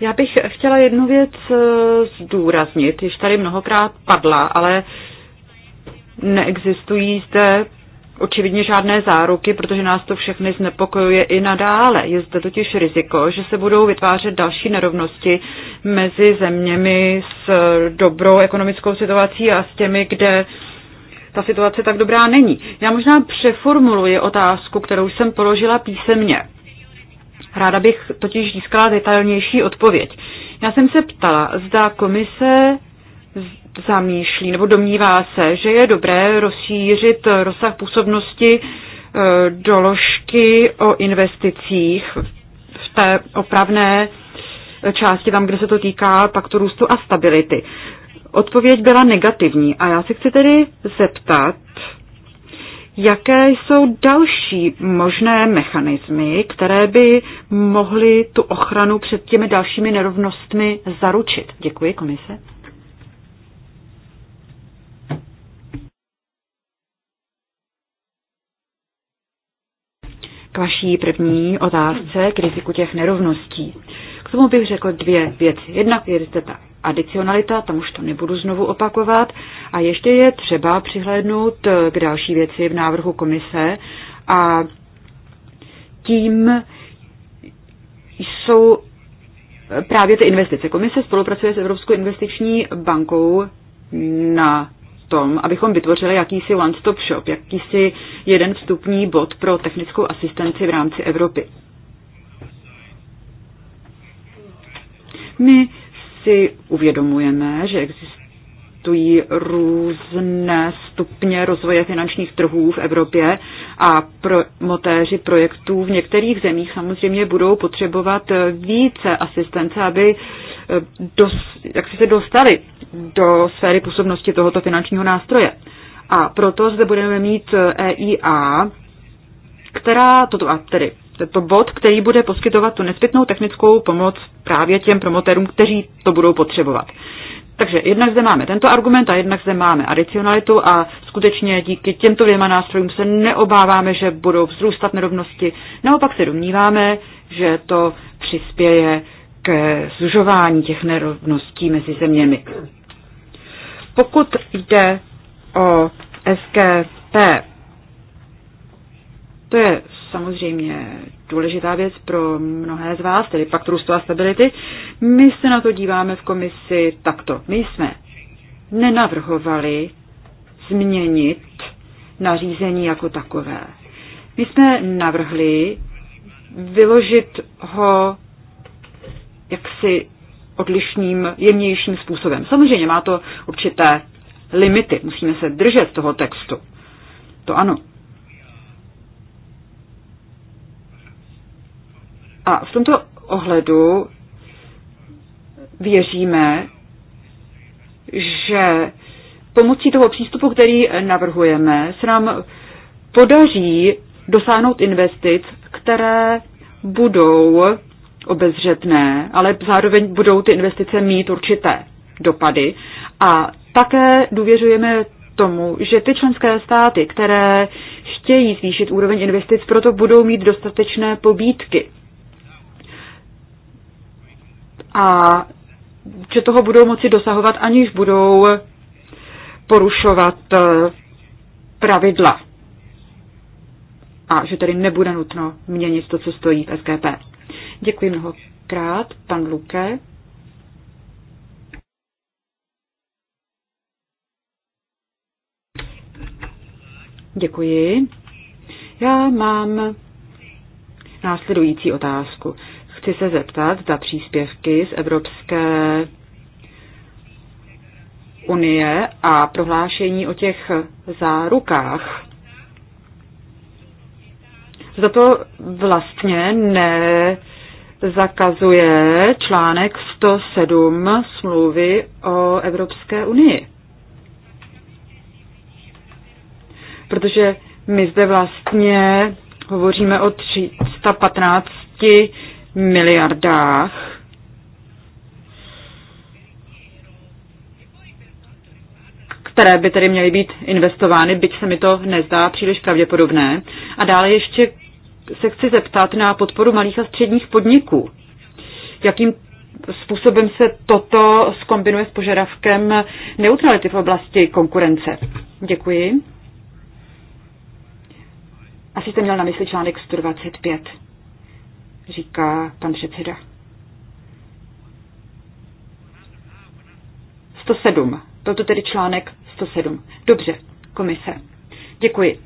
Já bych chtěla jednu věc eh, zdůraznit, již tady mnohokrát padla, ale neexistují zde očividně žádné záruky, protože nás to všechny znepokojuje i nadále. Je zde totiž riziko, že se budou vytvářet další nerovnosti mezi zeměmi s dobrou ekonomickou situací a s těmi, kde ta situace tak dobrá není. Já možná přeformuluji otázku, kterou jsem položila písemně. Ráda bych totiž získala detailnější odpověď. Já jsem se ptala, zda komise zamýšlí nebo domnívá se, že je dobré rozšířit rozsah působnosti e, doložky o investicích v té opravné části, tam, kde se to týká paktu růstu a stability. Odpověď byla negativní a já se chci tedy zeptat, jaké jsou další možné mechanismy, které by mohly tu ochranu před těmi dalšími nerovnostmi zaručit. Děkuji, komise. vaší první otázce, k riziku těch nerovností. K tomu bych řekl dvě věci. Jedna je zde ta adicionalita, tam už to nebudu znovu opakovat. A ještě je třeba přihlédnout eh, k další věci v návrhu komise a tím jsou eh, právě ty investice. Komise spolupracuje s Evropskou investiční bankou na tom, abychom vytvořili jakýsi one-stop shop, jakýsi jeden vstupní bod pro technickou asistenci v rámci Evropy. My si uvědomujeme, že existují různé stupně rozvoje finančních trhů v Evropě a promotéři projektů v některých zemích samozřejmě budou potřebovat více asistence, aby dos, jak si se dostali do sféry působnosti tohoto finančního nástroje. A proto zde budeme mít EIA, eh, e která, toto, a tedy to bod, který bude poskytovat tu nezbytnou technickou pomoc právě těm promotérům, kteří to budou potřebovat. Takže jednak zde máme tento argument a jednak zde máme adicionalitu a skutečně díky těmto dvěma nástrojům se neobáváme, že budou vzrůstat nerovnosti. Naopak se domníváme, že to přispěje ke zužování těch nerovností mezi zeměmi. Pokud jde o SKP, to je samozřejmě důležitá věc pro mnohé z vás, tedy pakt růstu a stability. My se na to díváme v komisi takto. My jsme nenavrhovali změnit nařízení jako takové. My jsme navrhli vyložit ho jaksi odlišným, jemnějším způsobem. Samozřejmě má to určité limity, musíme se držet toho textu. To ano. A v tomto ohledu věříme, že pomocí toho přístupu, který navrhujeme, se nám podaří dosáhnout investic, které budou obezřetné, ale zároveň budou ty investice mít určité dopady. A také důvěřujeme tomu, že ty členské státy, které chtějí zvýšit úroveň investic, proto budou mít dostatečné pobídky. A že toho budou moci dosahovat, aniž budou porušovat eh, pravidla. A že tedy nebude nutno měnit to, co stojí v SKP. Děkuji mnohokrát, pan Luke. Děkuji. Já mám následující otázku. Chci se zeptat, zda příspěvky z Evropské unie a prohlášení o těch zárukách. Za to vlastně ne zakazuje článek 107 smlouvy o Evropské unii. Protože my zde vlastně hovoříme o 315 miliardách které by tedy měly být investovány, byť se mi to nezdá příliš pravděpodobné. A dále ještě se chci zeptat na podporu malých a středních podniků. Jakým způsobem se toto skombinuje s požadavkem neutrality v oblasti konkurence? Děkuji. Asi jste měl na mysli článek 125, říká pan předseda. 107. Toto tedy článek 107. Dobře, komise. Děkuji.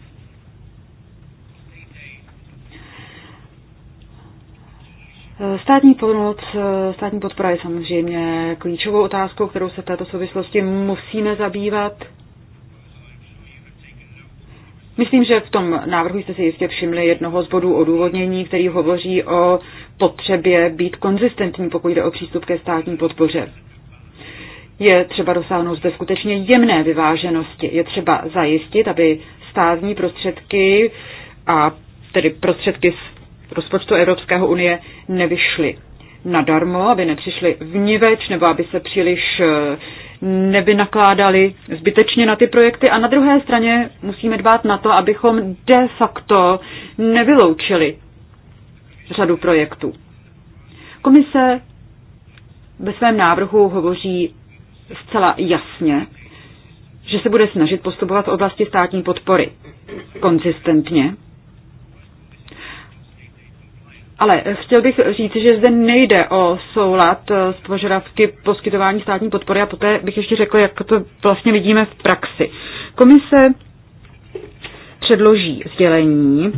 Státní pomoc, státní podpora je samozřejmě klíčovou otázkou, kterou se v této souvislosti musíme zabývat. Myslím, že v tom návrhu jste si jistě všimli jednoho z bodů odůvodnění, který hovoří o potřebě být konzistentní, pokud jde o přístup ke státní podpoře. Je třeba dosáhnout zde skutečně jemné vyváženosti. Je třeba zajistit, aby státní prostředky a tedy prostředky rozpočtu Evropského unie nevyšly nadarmo, aby nepřišly vniveč nebo aby se příliš eh, nevynakládali zbytečně na ty projekty a na druhé straně musíme dbát na to, abychom de facto nevyloučili řadu projektů. Komise ve svém návrhu hovoří zcela jasně, že se bude snažit postupovat v oblasti státní podpory konzistentně ale chtěl bych říct, že zde nejde o soulad eh, s požadavky poskytování státní podpory a poté bych ještě řekl, jak to vlastně vidíme v praxi. Komise předloží sdělení,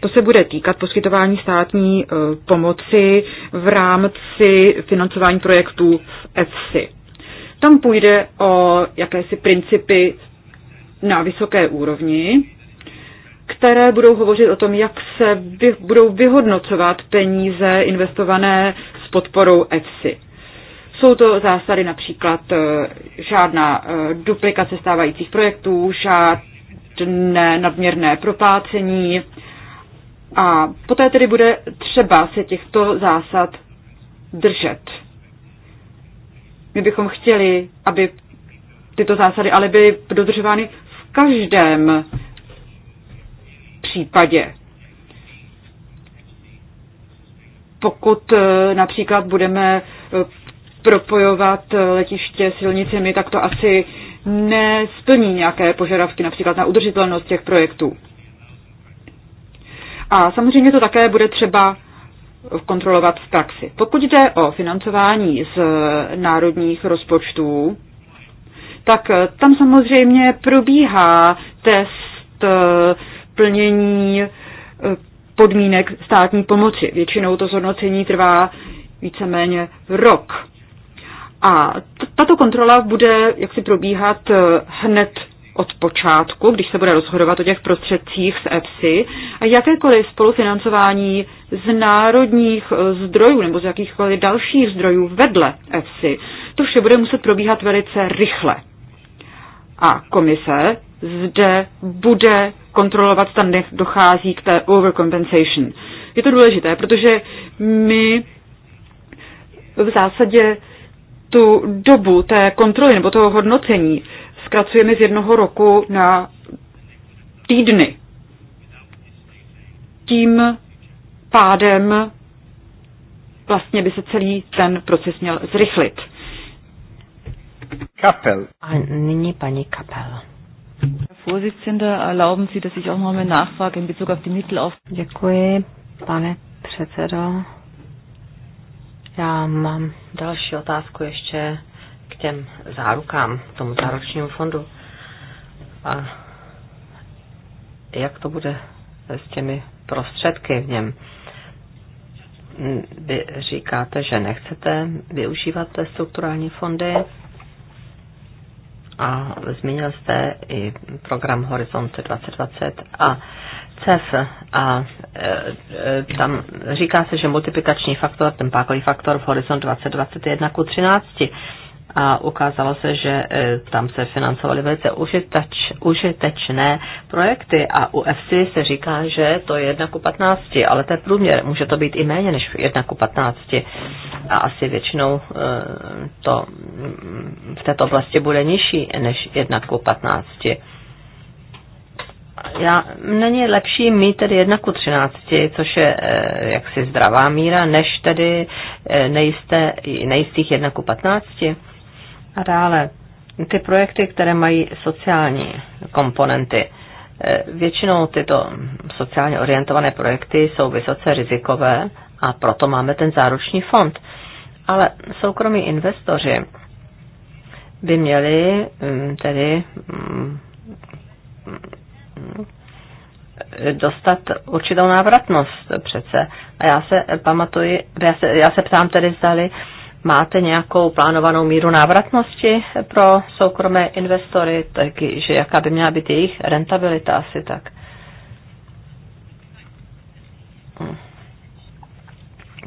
to se bude týkat poskytování státní eh, pomoci v rámci financování projektů v EFSI. Tam půjde o jakési principy na vysoké úrovni, které budou hovořit o tom, jak se vy, budou vyhodnocovat peníze investované s podporou EFSI. Jsou to zásady například eh, žádná eh, duplikace stávajících projektů, žádné nadměrné propácení a poté tedy bude třeba se těchto zásad držet. My bychom chtěli, aby tyto zásady ale byly dodržovány v každém případě. Pokud e, například budeme e, propojovat e, letiště silnicemi, tak to asi nesplní nějaké požadavky například na udržitelnost těch projektů. A samozřejmě to také bude třeba kontrolovat v praxi. Pokud jde o financování z národních rozpočtů, tak tam samozřejmě probíhá test plnění eh, podmínek státní pomoci. Většinou to zhodnocení trvá víceméně rok. A tato kontrola bude jaksi probíhat eh, hned od počátku, když se bude rozhodovat o těch prostředcích z EPSI a jakékoliv spolufinancování z národních eh, zdrojů nebo z jakýchkoliv dalších zdrojů vedle EPSI, to vše bude muset probíhat velice rychle. A komise zde bude kontrolovat, tam dochází k té overcompensation. Je to důležité, protože my v zásadě tu dobu té kontroly nebo toho hodnocení zkracujeme z jednoho roku na týdny. Tím pádem vlastně by se celý ten proces měl zrychlit. Kapel. A nyní paní Kapel. Herr Vorsitzender, erlauben Sie, dass ich auch noch nochmal nachfrage in Bezug auf die Mittel auf. Děkuji, pane předsedo. Já mám další otázku ještě k těm zárukám, k tomu záročnímu fondu. A jak to bude s těmi prostředky v něm? Vy říkáte, že nechcete využívat strukturální fondy, a zmínil jste i program Horizont 2020 a CEF a e, e, tam říká se, že multiplikační faktor, ten pákový faktor v Horizont 2020 je ku 13 a ukázalo se, že e, tam se financovaly velice užiteč, užitečné projekty a u FC se říká, že to je 1 ku 15, ale to je průměr, může to být i méně než 1 ku 15 a asi většinou e, to v této oblasti bude nižší než 1 ku 15. Já, není lepší mít tedy 1 ku 13, což je e, jaksi zdravá míra, než tedy e, nejisté, nejistých 1 ku 15? A dále, ty projekty, které mají sociální komponenty, e, většinou tyto sociálně orientované projekty jsou vysoce rizikové a proto máme ten záruční fond. Ale soukromí investoři by měli mm, tedy mm, dostat určitou návratnost přece. A já se pamatuji, já se, já se ptám tedy, zdali máte nějakou plánovanou míru návratnosti pro soukromé investory, takže jaká by měla být jejich rentabilita asi tak?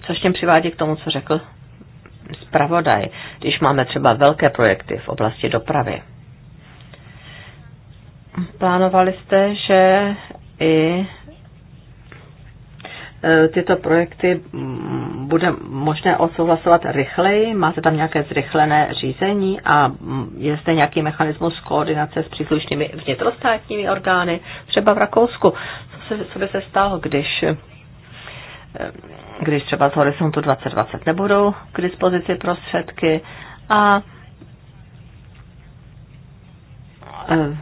Což tím přivádí k tomu, co řekl zpravodaj, když máme třeba velké projekty v oblasti dopravy. Plánovali jste, že i E, tyto projekty bude možné odsouhlasovat rychleji? Máte tam nějaké zrychlené řízení a je zde nějaký mechanismus koordinace s příslušnými vnitrostátními orgány, třeba v Rakousku? Co, se, co by se stalo, když e, když třeba z horizontu 2020 nebudou k dispozici prostředky a e,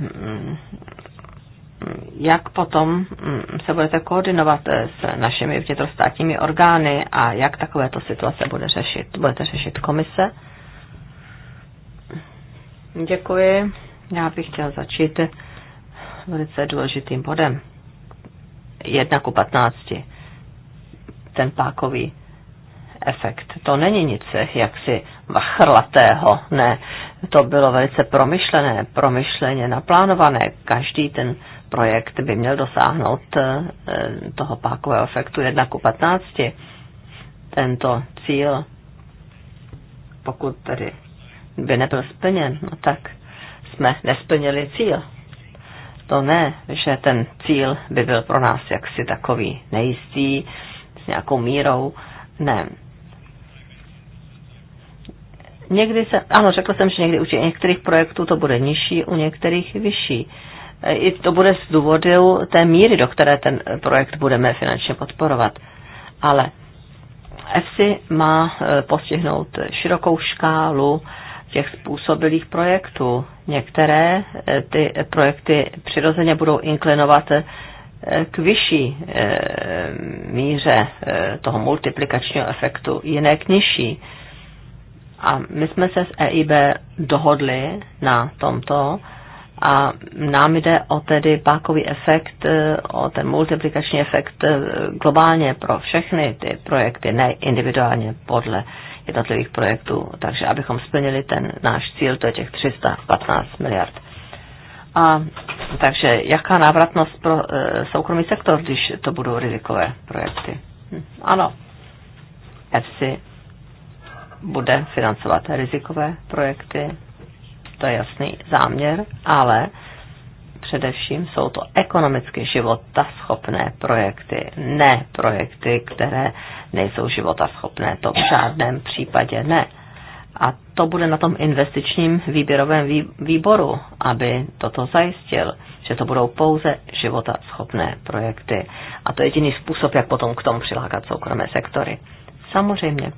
jak potom mm, se budete koordinovat eh, s našimi vnitrostátními orgány a jak takovéto situace bude řešit? Budete řešit komise? Děkuji. Já bych chtěl začít velice důležitým bodem. 1 ku 15. Ten pákový efekt. To není nic eh, jaksi vachrlatého, ne. To bylo velice promyšlené, promyšleně naplánované. Každý ten projekt by měl dosáhnout eh, toho pákového efektu 1 ku 15. Tento cíl, pokud tedy by nebyl splněn, no tak jsme nesplnili cíl. To ne, že ten cíl by byl pro nás jaksi takový nejistý, s nějakou mírou. Ne, Někdy se, ano, řekl jsem, že někdy u některých projektů to bude nižší, u některých vyšší. Eh, i to bude z důvodu té míry, do které ten projekt budeme finančně podporovat. Ale EFSI má eh, postihnout širokou škálu těch způsobilých projektů. Některé eh, ty projekty přirozeně budou inklinovat k vyšší míře toho multiplikačního efektu, jiné k nižší. A my jsme se s EIB dohodli na tomto, a nám jde o tedy pákový efekt, eh, o ten multiplikační efekt eh, globálně pro všechny ty projekty, ne individuálně podle jednotlivých projektů. Takže abychom splnili ten náš cíl, to je těch 315 miliard. A takže jaká návratnost pro e, soukromý sektor, když to budou rizikové projekty? Hm, ano, EFSI bude financovat rizikové projekty, to je jasný záměr, ale především jsou to ekonomicky schopné projekty, ne projekty, které nejsou života schopné, to v žádném případě ne. A to bude na tom investičním výběrovém výboru, aby toto zajistil, že to budou pouze života schopné projekty. A to je jediný způsob, jak potom k tomu přilákat soukromé sektory. Samozřejmě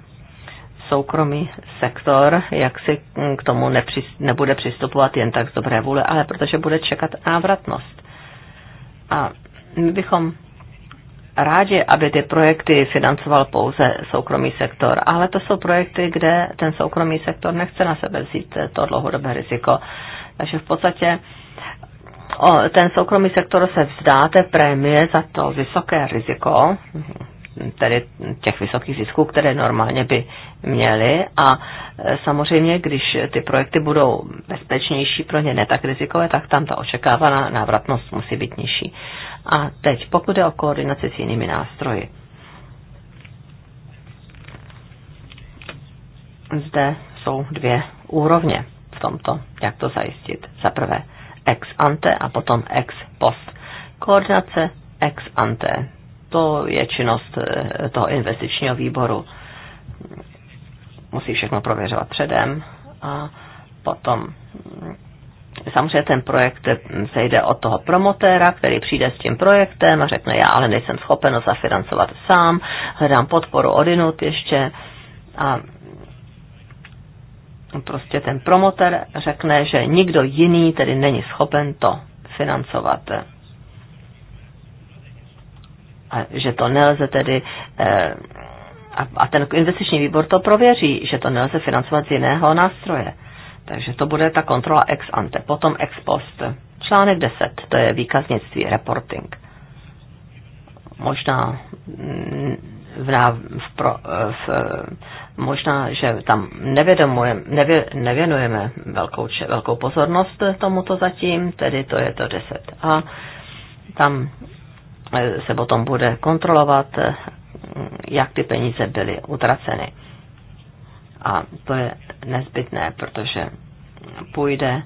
soukromý sektor jak si k tomu nepři, nebude přistupovat jen tak z dobré vůle, ale protože bude čekat návratnost. A my bychom rádi, aby ty projekty financoval pouze soukromý sektor, ale to jsou projekty, kde ten soukromý sektor nechce na sebe vzít to dlouhodobé riziko. Takže v podstatě ten soukromý sektor se vzdá té prémie za to vysoké riziko, mhm tedy těch vysokých zisků, které normálně by měly. A e, samozřejmě, když ty projekty budou bezpečnější, pro ně ne tak rizikové, tak tam ta očekávaná návratnost musí být nižší. A teď, pokud je o koordinaci s jinými nástroji. Zde jsou dvě úrovně v tomto, jak to zajistit. Za prvé ex ante a potom ex post. Koordinace ex ante to je činnost eh, toho investičního výboru. Musí všechno prověřovat předem a potom mm, samozřejmě ten projekt eh, se jde od toho promotéra, který přijde s tím projektem a řekne, já ale nejsem schopen ho zafinancovat sám, hledám podporu odinut ještě a prostě ten promoter řekne, že nikdo jiný tedy není schopen to financovat a že to nelze tedy eh, a ten investiční výbor to prověří, že to nelze financovat z jiného nástroje. Takže to bude ta kontrola ex ante, potom ex post. Článek 10, to je výkaznictví, reporting. Možná mm, v, v, v, pro, eh, v možná, že tam nevě, nevěnujeme velkou, velkou pozornost tomuto zatím, tedy to je to 10. A tam Eh, se potom bude kontrolovat, eh, jak ty peníze byly utraceny. A to je nezbytné, protože půjde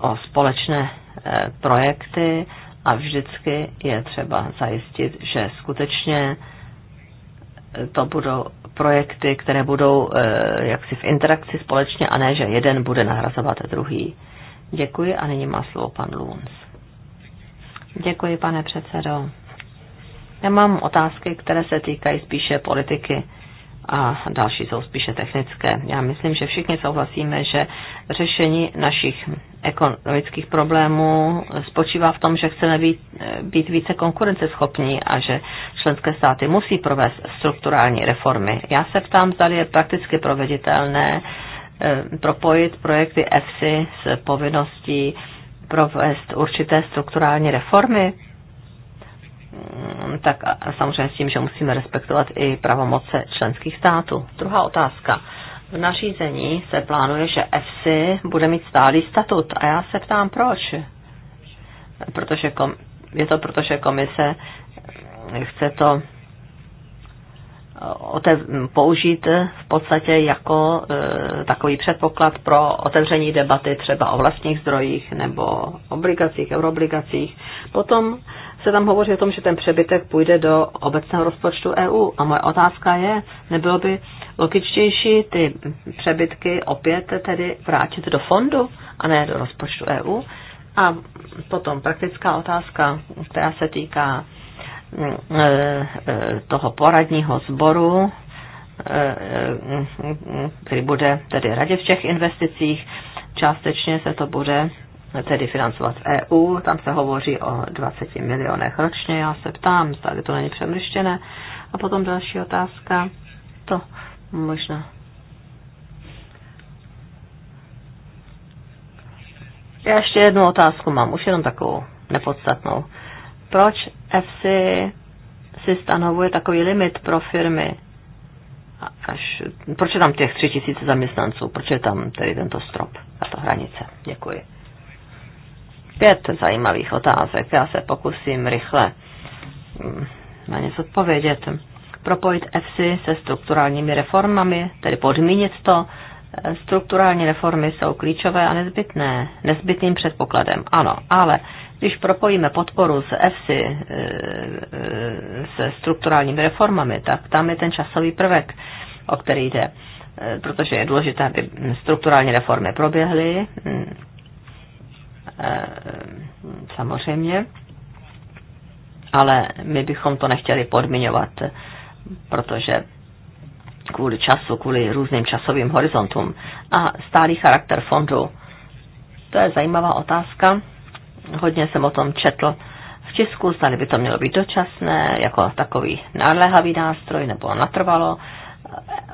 o společné eh, projekty a vždycky je třeba zajistit, že skutečně to budou projekty, které budou jaksi v interakci společně a ne, že jeden bude nahrazovat druhý. Děkuji a nyní má slovo pan Luns. Děkuji, pane předsedo. Já mám otázky, které se týkají spíše politiky a další jsou spíše technické. Já myslím, že všichni souhlasíme, že řešení našich ekonomických problémů spočívá v tom, že chceme být, být více konkurenceschopní a že členské státy musí provést strukturální reformy. Já se ptám, zda je prakticky proveditelné eh, propojit projekty EFSI s povinností provést určité strukturální reformy, mm, tak samozřejmě s tím, že musíme respektovat i pravomoce členských států. Druhá otázka. V nařízení se plánuje, že EFSI bude mít stálý statut a já se ptám, proč? Protože kom, je to proto, že komise chce to Eh, použít v podstatě jako eh, takový předpoklad pro otevření debaty třeba o vlastních zdrojích nebo obligacích, euroobligacích. Potom se tam hovoří o tom, že ten přebytek půjde do obecného rozpočtu EU. A moje otázka je, nebylo by logičtější ty přebytky opět tedy vrátit do fondu a ne do rozpočtu EU? A potom praktická otázka, která se týká toho poradního sboru, který bude tedy radě v těch investicích. Částečně se to bude tedy financovat v EU, tam se hovoří o 20 milionech ročně, já se ptám, zda to není přemrštěné. A potom další otázka, to možná Já ještě jednu otázku mám, už jenom takovou nepodstatnou. Proč FC si stanovuje takový limit pro firmy? Až, proč je tam těch tři tisíce zaměstnanců? Proč je tam tedy tento strop a ta hranice? Děkuji. Pět zajímavých otázek. Já se pokusím rychle mm, na ně odpovědět. Propojit EFSI se strukturálními reformami, tedy podmínit to, strukturální reformy jsou klíčové a nezbytné, nezbytným předpokladem, ano, ale když propojíme podporu s EFSI, eh, eh, se strukturálními reformami, tak tam je ten časový prvek, o který jde. Eh, protože je důležité, aby strukturální reformy proběhly, mm. samozřejmě, ale my bychom to nechtěli podmiňovat, protože kvůli času, kvůli různým časovým horizontům a stálý charakter fondu. To je zajímavá otázka hodně jsem o tom četl v Česku, zdali by to mělo být dočasné, jako takový nálehavý nástroj nebo natrvalo.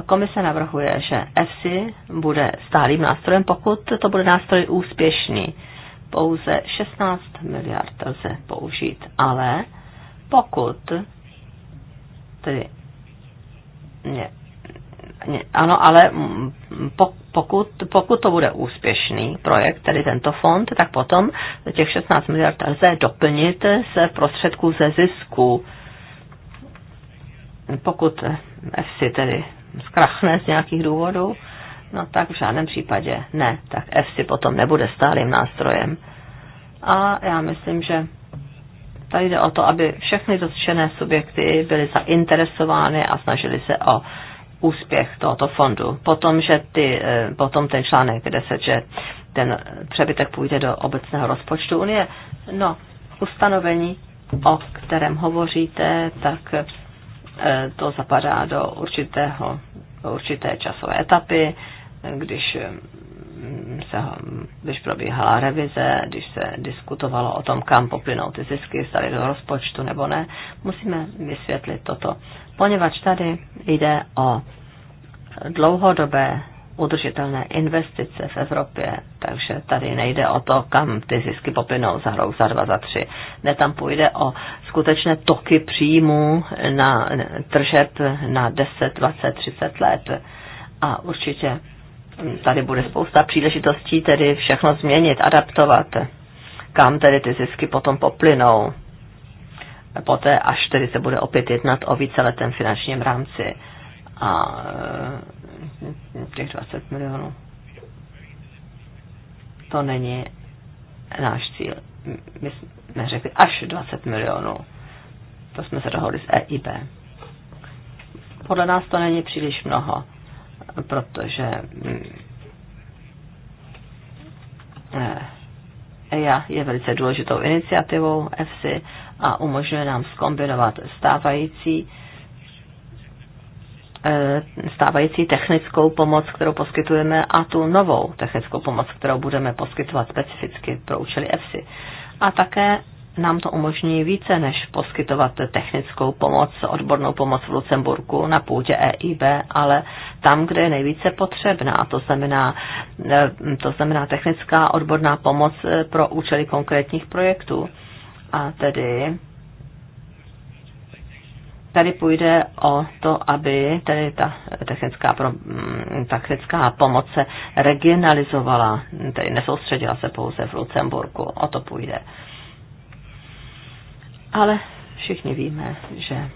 Komise navrhuje, že EFSI bude stálým nástrojem, pokud to bude nástroj úspěšný. Pouze 16 miliard lze použít, ale pokud tedy ano, ale pokud, pokud to bude úspěšný projekt, tedy tento fond, tak potom těch 16 miliard lze doplnit se prostředků ze zisku. Pokud EFSI tedy zkrachne z nějakých důvodů, no tak v žádném případě ne, tak EFSI potom nebude stálým nástrojem. A já myslím, že Tady jde o to, aby všechny dotčené subjekty byly zainteresovány a snažili se o úspěch tohoto fondu. Potom, že ty, eh, potom ten článek 10, že ten přebytek půjde do obecného rozpočtu Unie. No, ustanovení, o kterém hovoříte, tak eh, to zapadá do určitého, určité časové etapy, když mm, se, když probíhala revize, když se diskutovalo o tom, kam poplynou ty zisky, staly do rozpočtu nebo ne, musíme vysvětlit toto poněvadž tady jde o dlouhodobé udržitelné investice v Evropě, takže tady nejde o to, kam ty zisky popinou za rok, za dva, za tři. Ne, tam půjde o skutečné toky příjmů na tržet na 10, 20, 30 let. A určitě tady bude spousta příležitostí tedy všechno změnit, adaptovat, kam tedy ty zisky potom poplynou poté, až tedy se bude opět jednat o víceletém finančním rámci a e, těch 20 milionů. To není náš cíl. My jsme řekli až 20 milionů. To jsme se dohodli s EIB. Podle nás to není příliš mnoho, protože mm, EIA e je velice důležitou iniciativou EFSI a umožňuje nám skombinovat stávající eh, stávající technickou pomoc, kterou poskytujeme, a tu novou technickou pomoc, kterou budeme poskytovat specificky pro účely EFSI. A také nám to umožní více, než poskytovat technickou pomoc, odbornou pomoc v Lucemburku na půdě EIB, ale tam, kde je nejvíce potřebná, to znamená, eh, to znamená technická odborná pomoc eh, pro účely konkrétních projektů. A tedy tady půjde o to, aby tady ta technická, pro, mm, technická pomoc se regionalizovala, tedy nesoustředila se pouze v Lucemburku, o to půjde. Ale všichni víme, že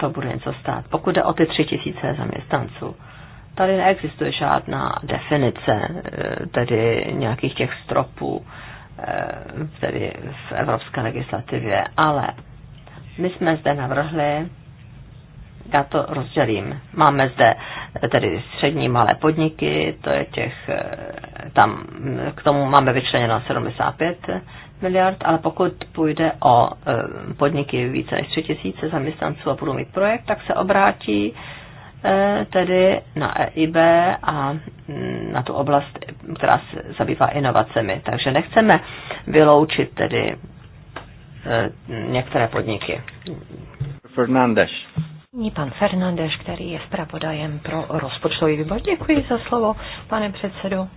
to bude něco stát. Pokud jde o ty tři tisíce zaměstnanců, tady neexistuje žádná definice, eh, tedy nějakých těch stropů. Eh, tedy v evropské legislativě, ale my jsme zde navrhli, já to rozdělím. Máme zde tedy střední malé podniky, to je těch, eh, tam k tomu máme vyčleněno 75 miliard, ale pokud půjde o eh, podniky více než 3 tisíce zaměstnanců a budou mít projekt, tak se obrátí Eh, tedy na EIB a mm, na tu oblast, která se zabývá inovacemi. Takže nechceme vyloučit tedy eh, některé podniky. Fernandeš. Ní pan Fernandeš, který je zpravodajem pro rozpočtový výbor. Děkuji za slovo, pane předsedu.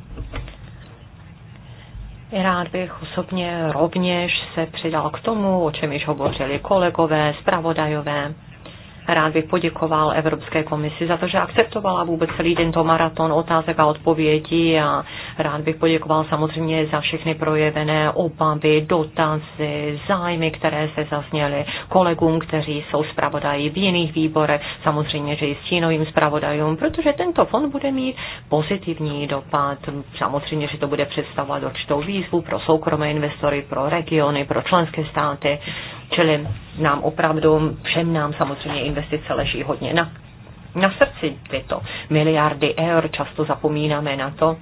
Rád bych osobně rovněž se přidal k tomu, o čem již hovořili kolegové, zpravodajové. Rád bych poděkoval Evropské komisi za to, že akceptovala vůbec celý tento maraton otázek a odpovědí a rád bych poděkoval samozřejmě za všechny projevené obavy, dotazy, zájmy, které se zazněly kolegům, kteří jsou zpravodají v jiných výborech, samozřejmě, že i stínovým zpravodajům, protože tento fond bude mít pozitivní dopad. Samozřejmě, že to bude představovat určitou výzvu pro soukromé investory, pro regiony, pro členské státy. Čili nám opravdu, všem nám samozřejmě investice leží hodně na, na srdci tyto miliardy eur. Často zapomínáme na to,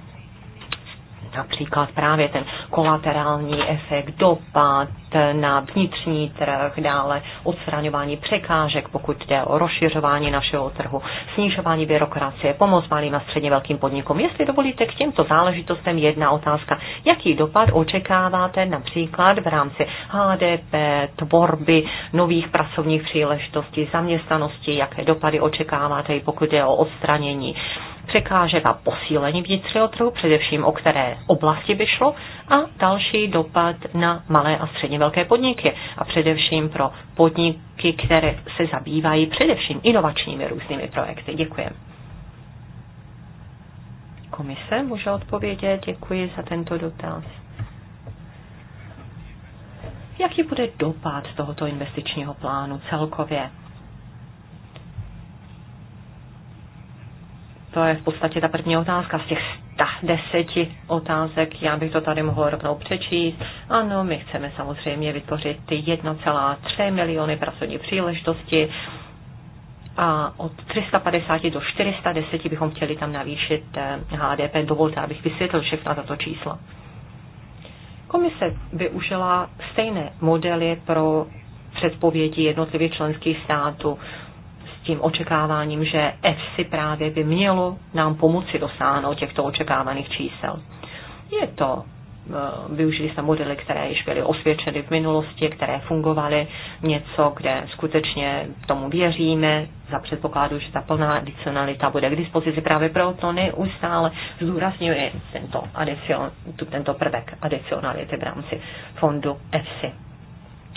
například právě ten kolaterální efekt, dopad na vnitřní trh, dále odstraňování překážek, pokud jde o rozšiřování našeho trhu, snižování byrokracie, pomoc malým a středně velkým podnikům. Jestli dovolíte k těmto záležitostem jedna otázka. Jaký dopad očekáváte například v rámci HDP, tvorby nových pracovních příležitostí, zaměstnanosti, jaké dopady očekáváte, pokud jde o odstranění překážek a posílení vnitřního trhu, především o které oblasti by šlo, a další dopad na malé a středně velké podniky a především pro podniky, které se zabývají především inovačními různými projekty. Děkuji. Komise může odpovědět. Děkuji za tento dotaz. Jaký bude dopad tohoto investičního plánu celkově? to je v podstatě ta první otázka z těch deseti otázek. Já bych to tady mohl rovnou přečíst. Ano, my chceme samozřejmě vytvořit ty 1,3 miliony pracovní příležitosti a od 350 do 410 bychom chtěli tam navýšit HDP. Eh, Dovolte, abych vysvětlil všechna tato čísla. Komise využila stejné modely pro předpovědi jednotlivých členských států tím očekáváním, že EFSI právě by mělo nám pomoci dosáhnout těchto očekávaných čísel. Je to e, využili jsme modely, které již byly osvědčeny v minulosti, které fungovaly, něco, kde skutečně tomu věříme, za předpokladu, že ta plná adicionalita bude k dispozici právě proto neustále zdůrazňuje tento, adicion, tento prvek adicionality v rámci fondu EFSI.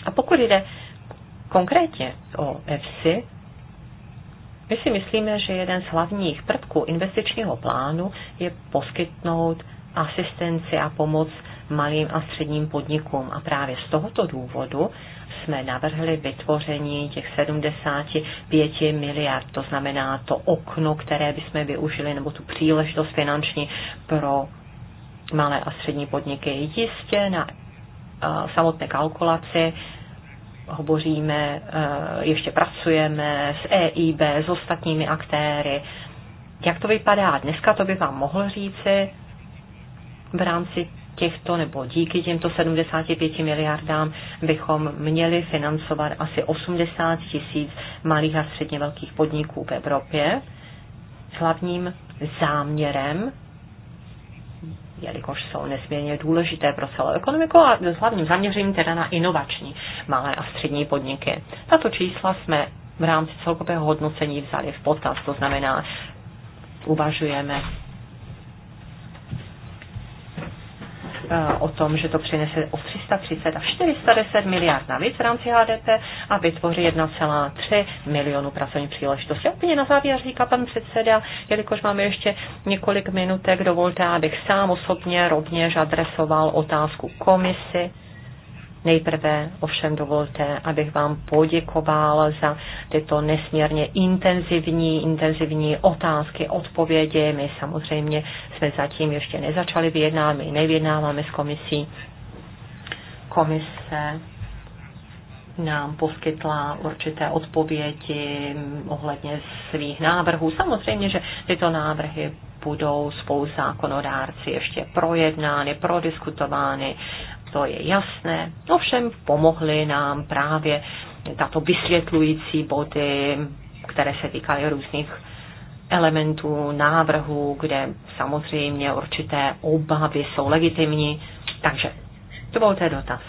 A pokud jde konkrétně o EFSI, my si myslíme, že jeden z hlavních prvků investičního plánu je poskytnout asistenci a pomoc malým a středním podnikům. A právě z tohoto důvodu jsme navrhli vytvoření těch 75 miliard, to znamená to okno, které bychom využili, nebo tu příležitost finanční pro malé a střední podniky. Jistě na samotné kalkulaci hovoříme, eh, ještě pracujeme s EIB, s ostatními aktéry. Jak to vypadá dneska, to by vám mohl říci v rámci těchto nebo díky těmto 75 miliardám bychom měli financovat asi 80 tisíc malých a středně velkých podniků v Evropě. Hlavním záměrem jelikož jsou nesmírně důležité pro celou ekonomiku a s hlavním zaměřením teda na inovační malé a střední podniky. Tato čísla jsme v rámci celkového hodnocení vzali v potaz, to znamená, uvažujeme Eh, o tom, že to přinese o 330 a 410 miliard navíc v rámci HDP a vytvoří 1,3 milionu pracovních příležitostí. A úplně na závěr říká pan předseda, jelikož máme ještě několik minutek, dovolte, abych sám osobně rovněž adresoval otázku komisi. Nejprve ovšem dovolte, abych vám poděkoval za tyto nesmírně intenzivní, intenzivní otázky, odpovědi. My samozřejmě jsme zatím ještě nezačali vyjednávat, nevyjednáváme s komisí. Komise nám poskytla určité odpovědi ohledně svých návrhů. Samozřejmě, že tyto návrhy budou spolu zákonodárci ještě projednány, prodiskutovány, to je jasné. Ovšem pomohly nám právě tato vysvětlující body, které se týkaly různých elementů, návrhů, kde samozřejmě určité obavy jsou legitimní. Takže to byl ten dotaz.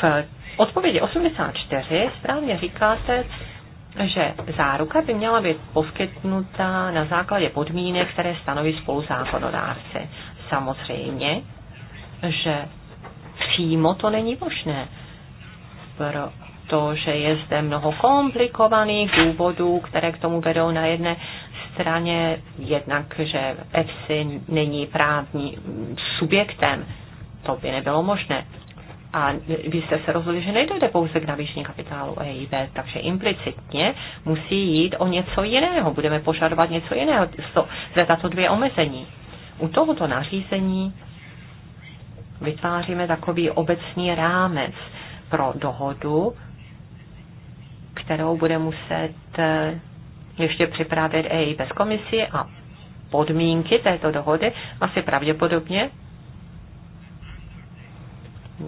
V odpovědi 84 správně říkáte, že záruka by měla být poskytnuta na základě podmínek, které stanoví spoluzákonodárci. Samozřejmě, že přímo to není možné, pro, to, že je zde mnoho komplikovaných důvodů, které k tomu vedou na jedné straně, jednak, že EFSI není právní subjektem, to by nebylo možné. A vy jste se rozhodli, že nejde pouze k navýšení kapitálu EIB, takže implicitně musí jít o něco jiného. Budeme požadovat něco jiného za tato dvě omezení. U tohoto nařízení vytváříme takový obecný rámec pro dohodu kterou bude muset eh, ještě připravit EI bez komisie a podmínky této dohody asi pravděpodobně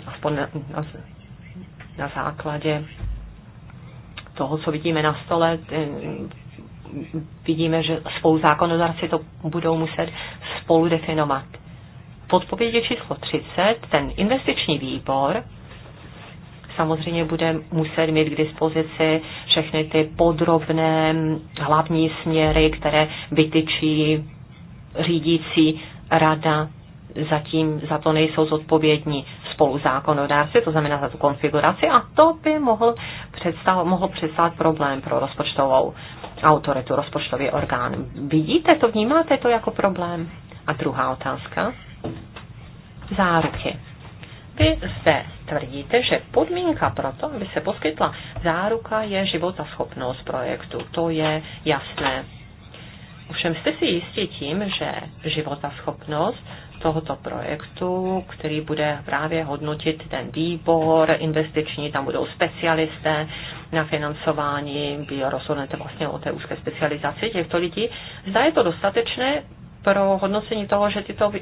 aspoň na, na, na základě toho, co vidíme na stole, eh, vidíme, že spolu zákonodárci to budou muset spolu definovat. V odpovědi číslo 30 ten investiční výbor samozřejmě bude muset mít k dispozici všechny ty podrobné hlavní směry, které vytyčí řídící rada. Zatím za to nejsou zodpovědní spoluzákonodárci, to znamená za tu konfiguraci, a to by mohl představ, mohl představit problém pro rozpočtovou autoritu, rozpočtový orgán. Vidíte to, vnímáte to jako problém? A druhá otázka. Záruky. Vy zde tvrdíte, že podmínka pro to, aby se poskytla záruka, je život a schopnost projektu. To je jasné. Ovšem jste si jistí tím, že života schopnost tohoto projektu, který bude právě hodnotit ten výbor investiční, tam budou specialisté na financování, vy rozhodnete vlastně o té úzké specializaci těchto lidí. Zda je to dostatečné pro hodnocení toho, že tyto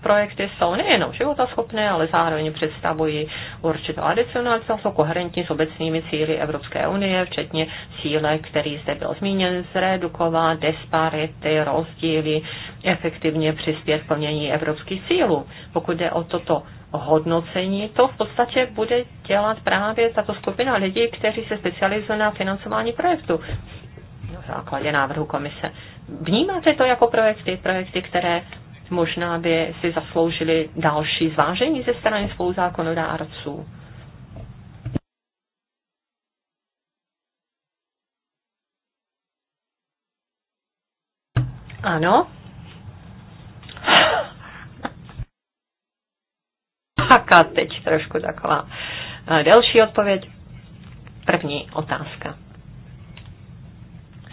projekty jsou nejenom životaschopné, ale zároveň představují určitou adicionalitu, jsou koherentní s obecnými cíly Evropské unie, včetně cíle, který zde byl zmíněn, zredukovat disparity, rozdíly, efektivně přispět plnění evropských cílů. Pokud jde o toto hodnocení, to v podstatě bude dělat právě tato skupina lidí, kteří se specializují na financování projektu na základě návrhu komise. Vnímáte to jako projekty, projekty, které možná by si zasloužili další zvážení ze strany spoluzákonodárců. Ano. A teď trošku taková eh, delší odpověď. První otázka.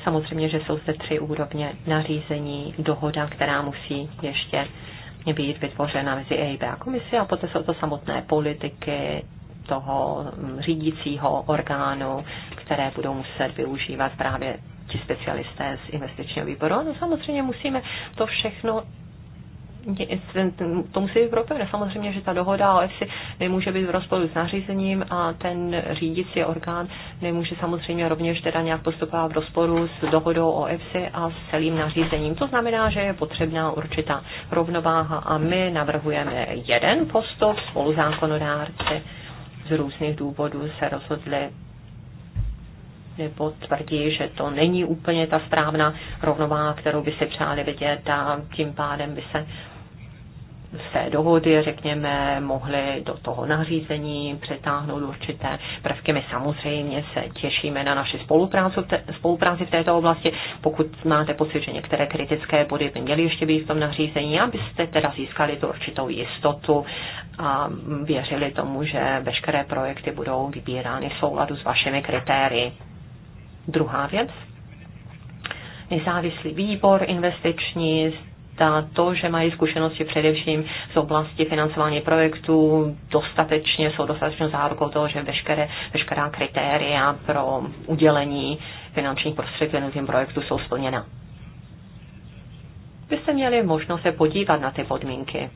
Samozřejmě, že jsou zde tři úrovně nařízení, dohoda, která musí ještě být vytvořena mezi EIB a komisi a poté jsou to samotné politiky toho mm, řídícího orgánu, které budou muset využívat právě ti specialisté z investičního výboru. No samozřejmě musíme to všechno to musí být propojené. Samozřejmě, že ta dohoda o EFSI nemůže být v rozporu s nařízením a ten řídící orgán nemůže samozřejmě rovněž teda nějak postupovat v rozporu s dohodou o EFSI a s celým nařízením. To znamená, že je potřebná určitá rovnováha a my navrhujeme jeden postup spoluzákonodárci z různých důvodů se rozhodli nebo tvrdí, že to není úplně ta správná rovnováha, kterou by si přáli vidět a tím pádem by se z té dohody, řekněme, mohli do toho nařízení přetáhnout určité prvky. My samozřejmě se těšíme na naši spolupráci, spolupráci v této oblasti. Pokud máte pocit, že některé kritické body by měly ještě být v tom nařízení, abyste teda získali tu určitou jistotu a věřili tomu, že veškeré projekty budou vybírány v souladu s vašimi kritérii. Druhá věc, nezávislý výbor investiční, dá to, že mají zkušenosti především z oblasti financování projektů, dostatečně, jsou dostatečnou zárukou toho, že veškeré, veškerá kritéria pro udělení finančních prostředků jednotlivým projektu jsou splněna. Byste měli možnost se podívat na ty podmínky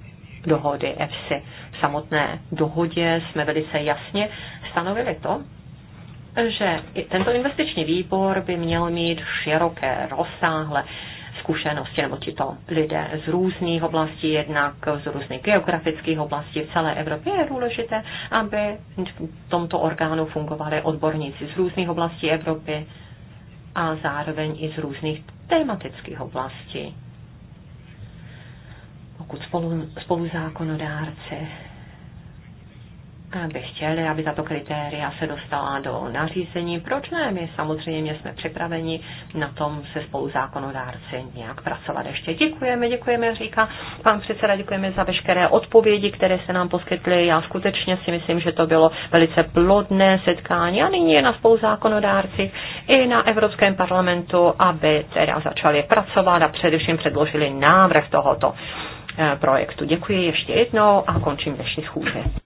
dohody EFSI. V samotné dohodě jsme velice jasně stanovili to, že tento investiční výbor by měl mít široké, rozsáhlé zkušenosti, nebo tito lidé z různých oblastí, jednak z různých geografických oblastí v celé Evropě, je důležité, aby v tomto orgánu fungovali odborníci z různých oblastí Evropy a zároveň i z různých tematických oblastí. Pokud spolu, spoluzákonodárci by chtěli, aby tato kritéria se dostala do nařízení. Proč ne? My samozřejmě jsme připraveni na tom se spolu zákonodárci nějak pracovat ještě. Děkujeme, děkujeme, říká pan předseda, děkujeme za veškeré odpovědi, které se nám poskytly. Já skutečně si myslím, že to bylo velice plodné setkání a nyní je na spolu zákonodárci i na Evropském parlamentu, aby teda začali pracovat a především předložili návrh tohoto eh, projektu. Děkuji ještě jednou a končím dnešní schůze.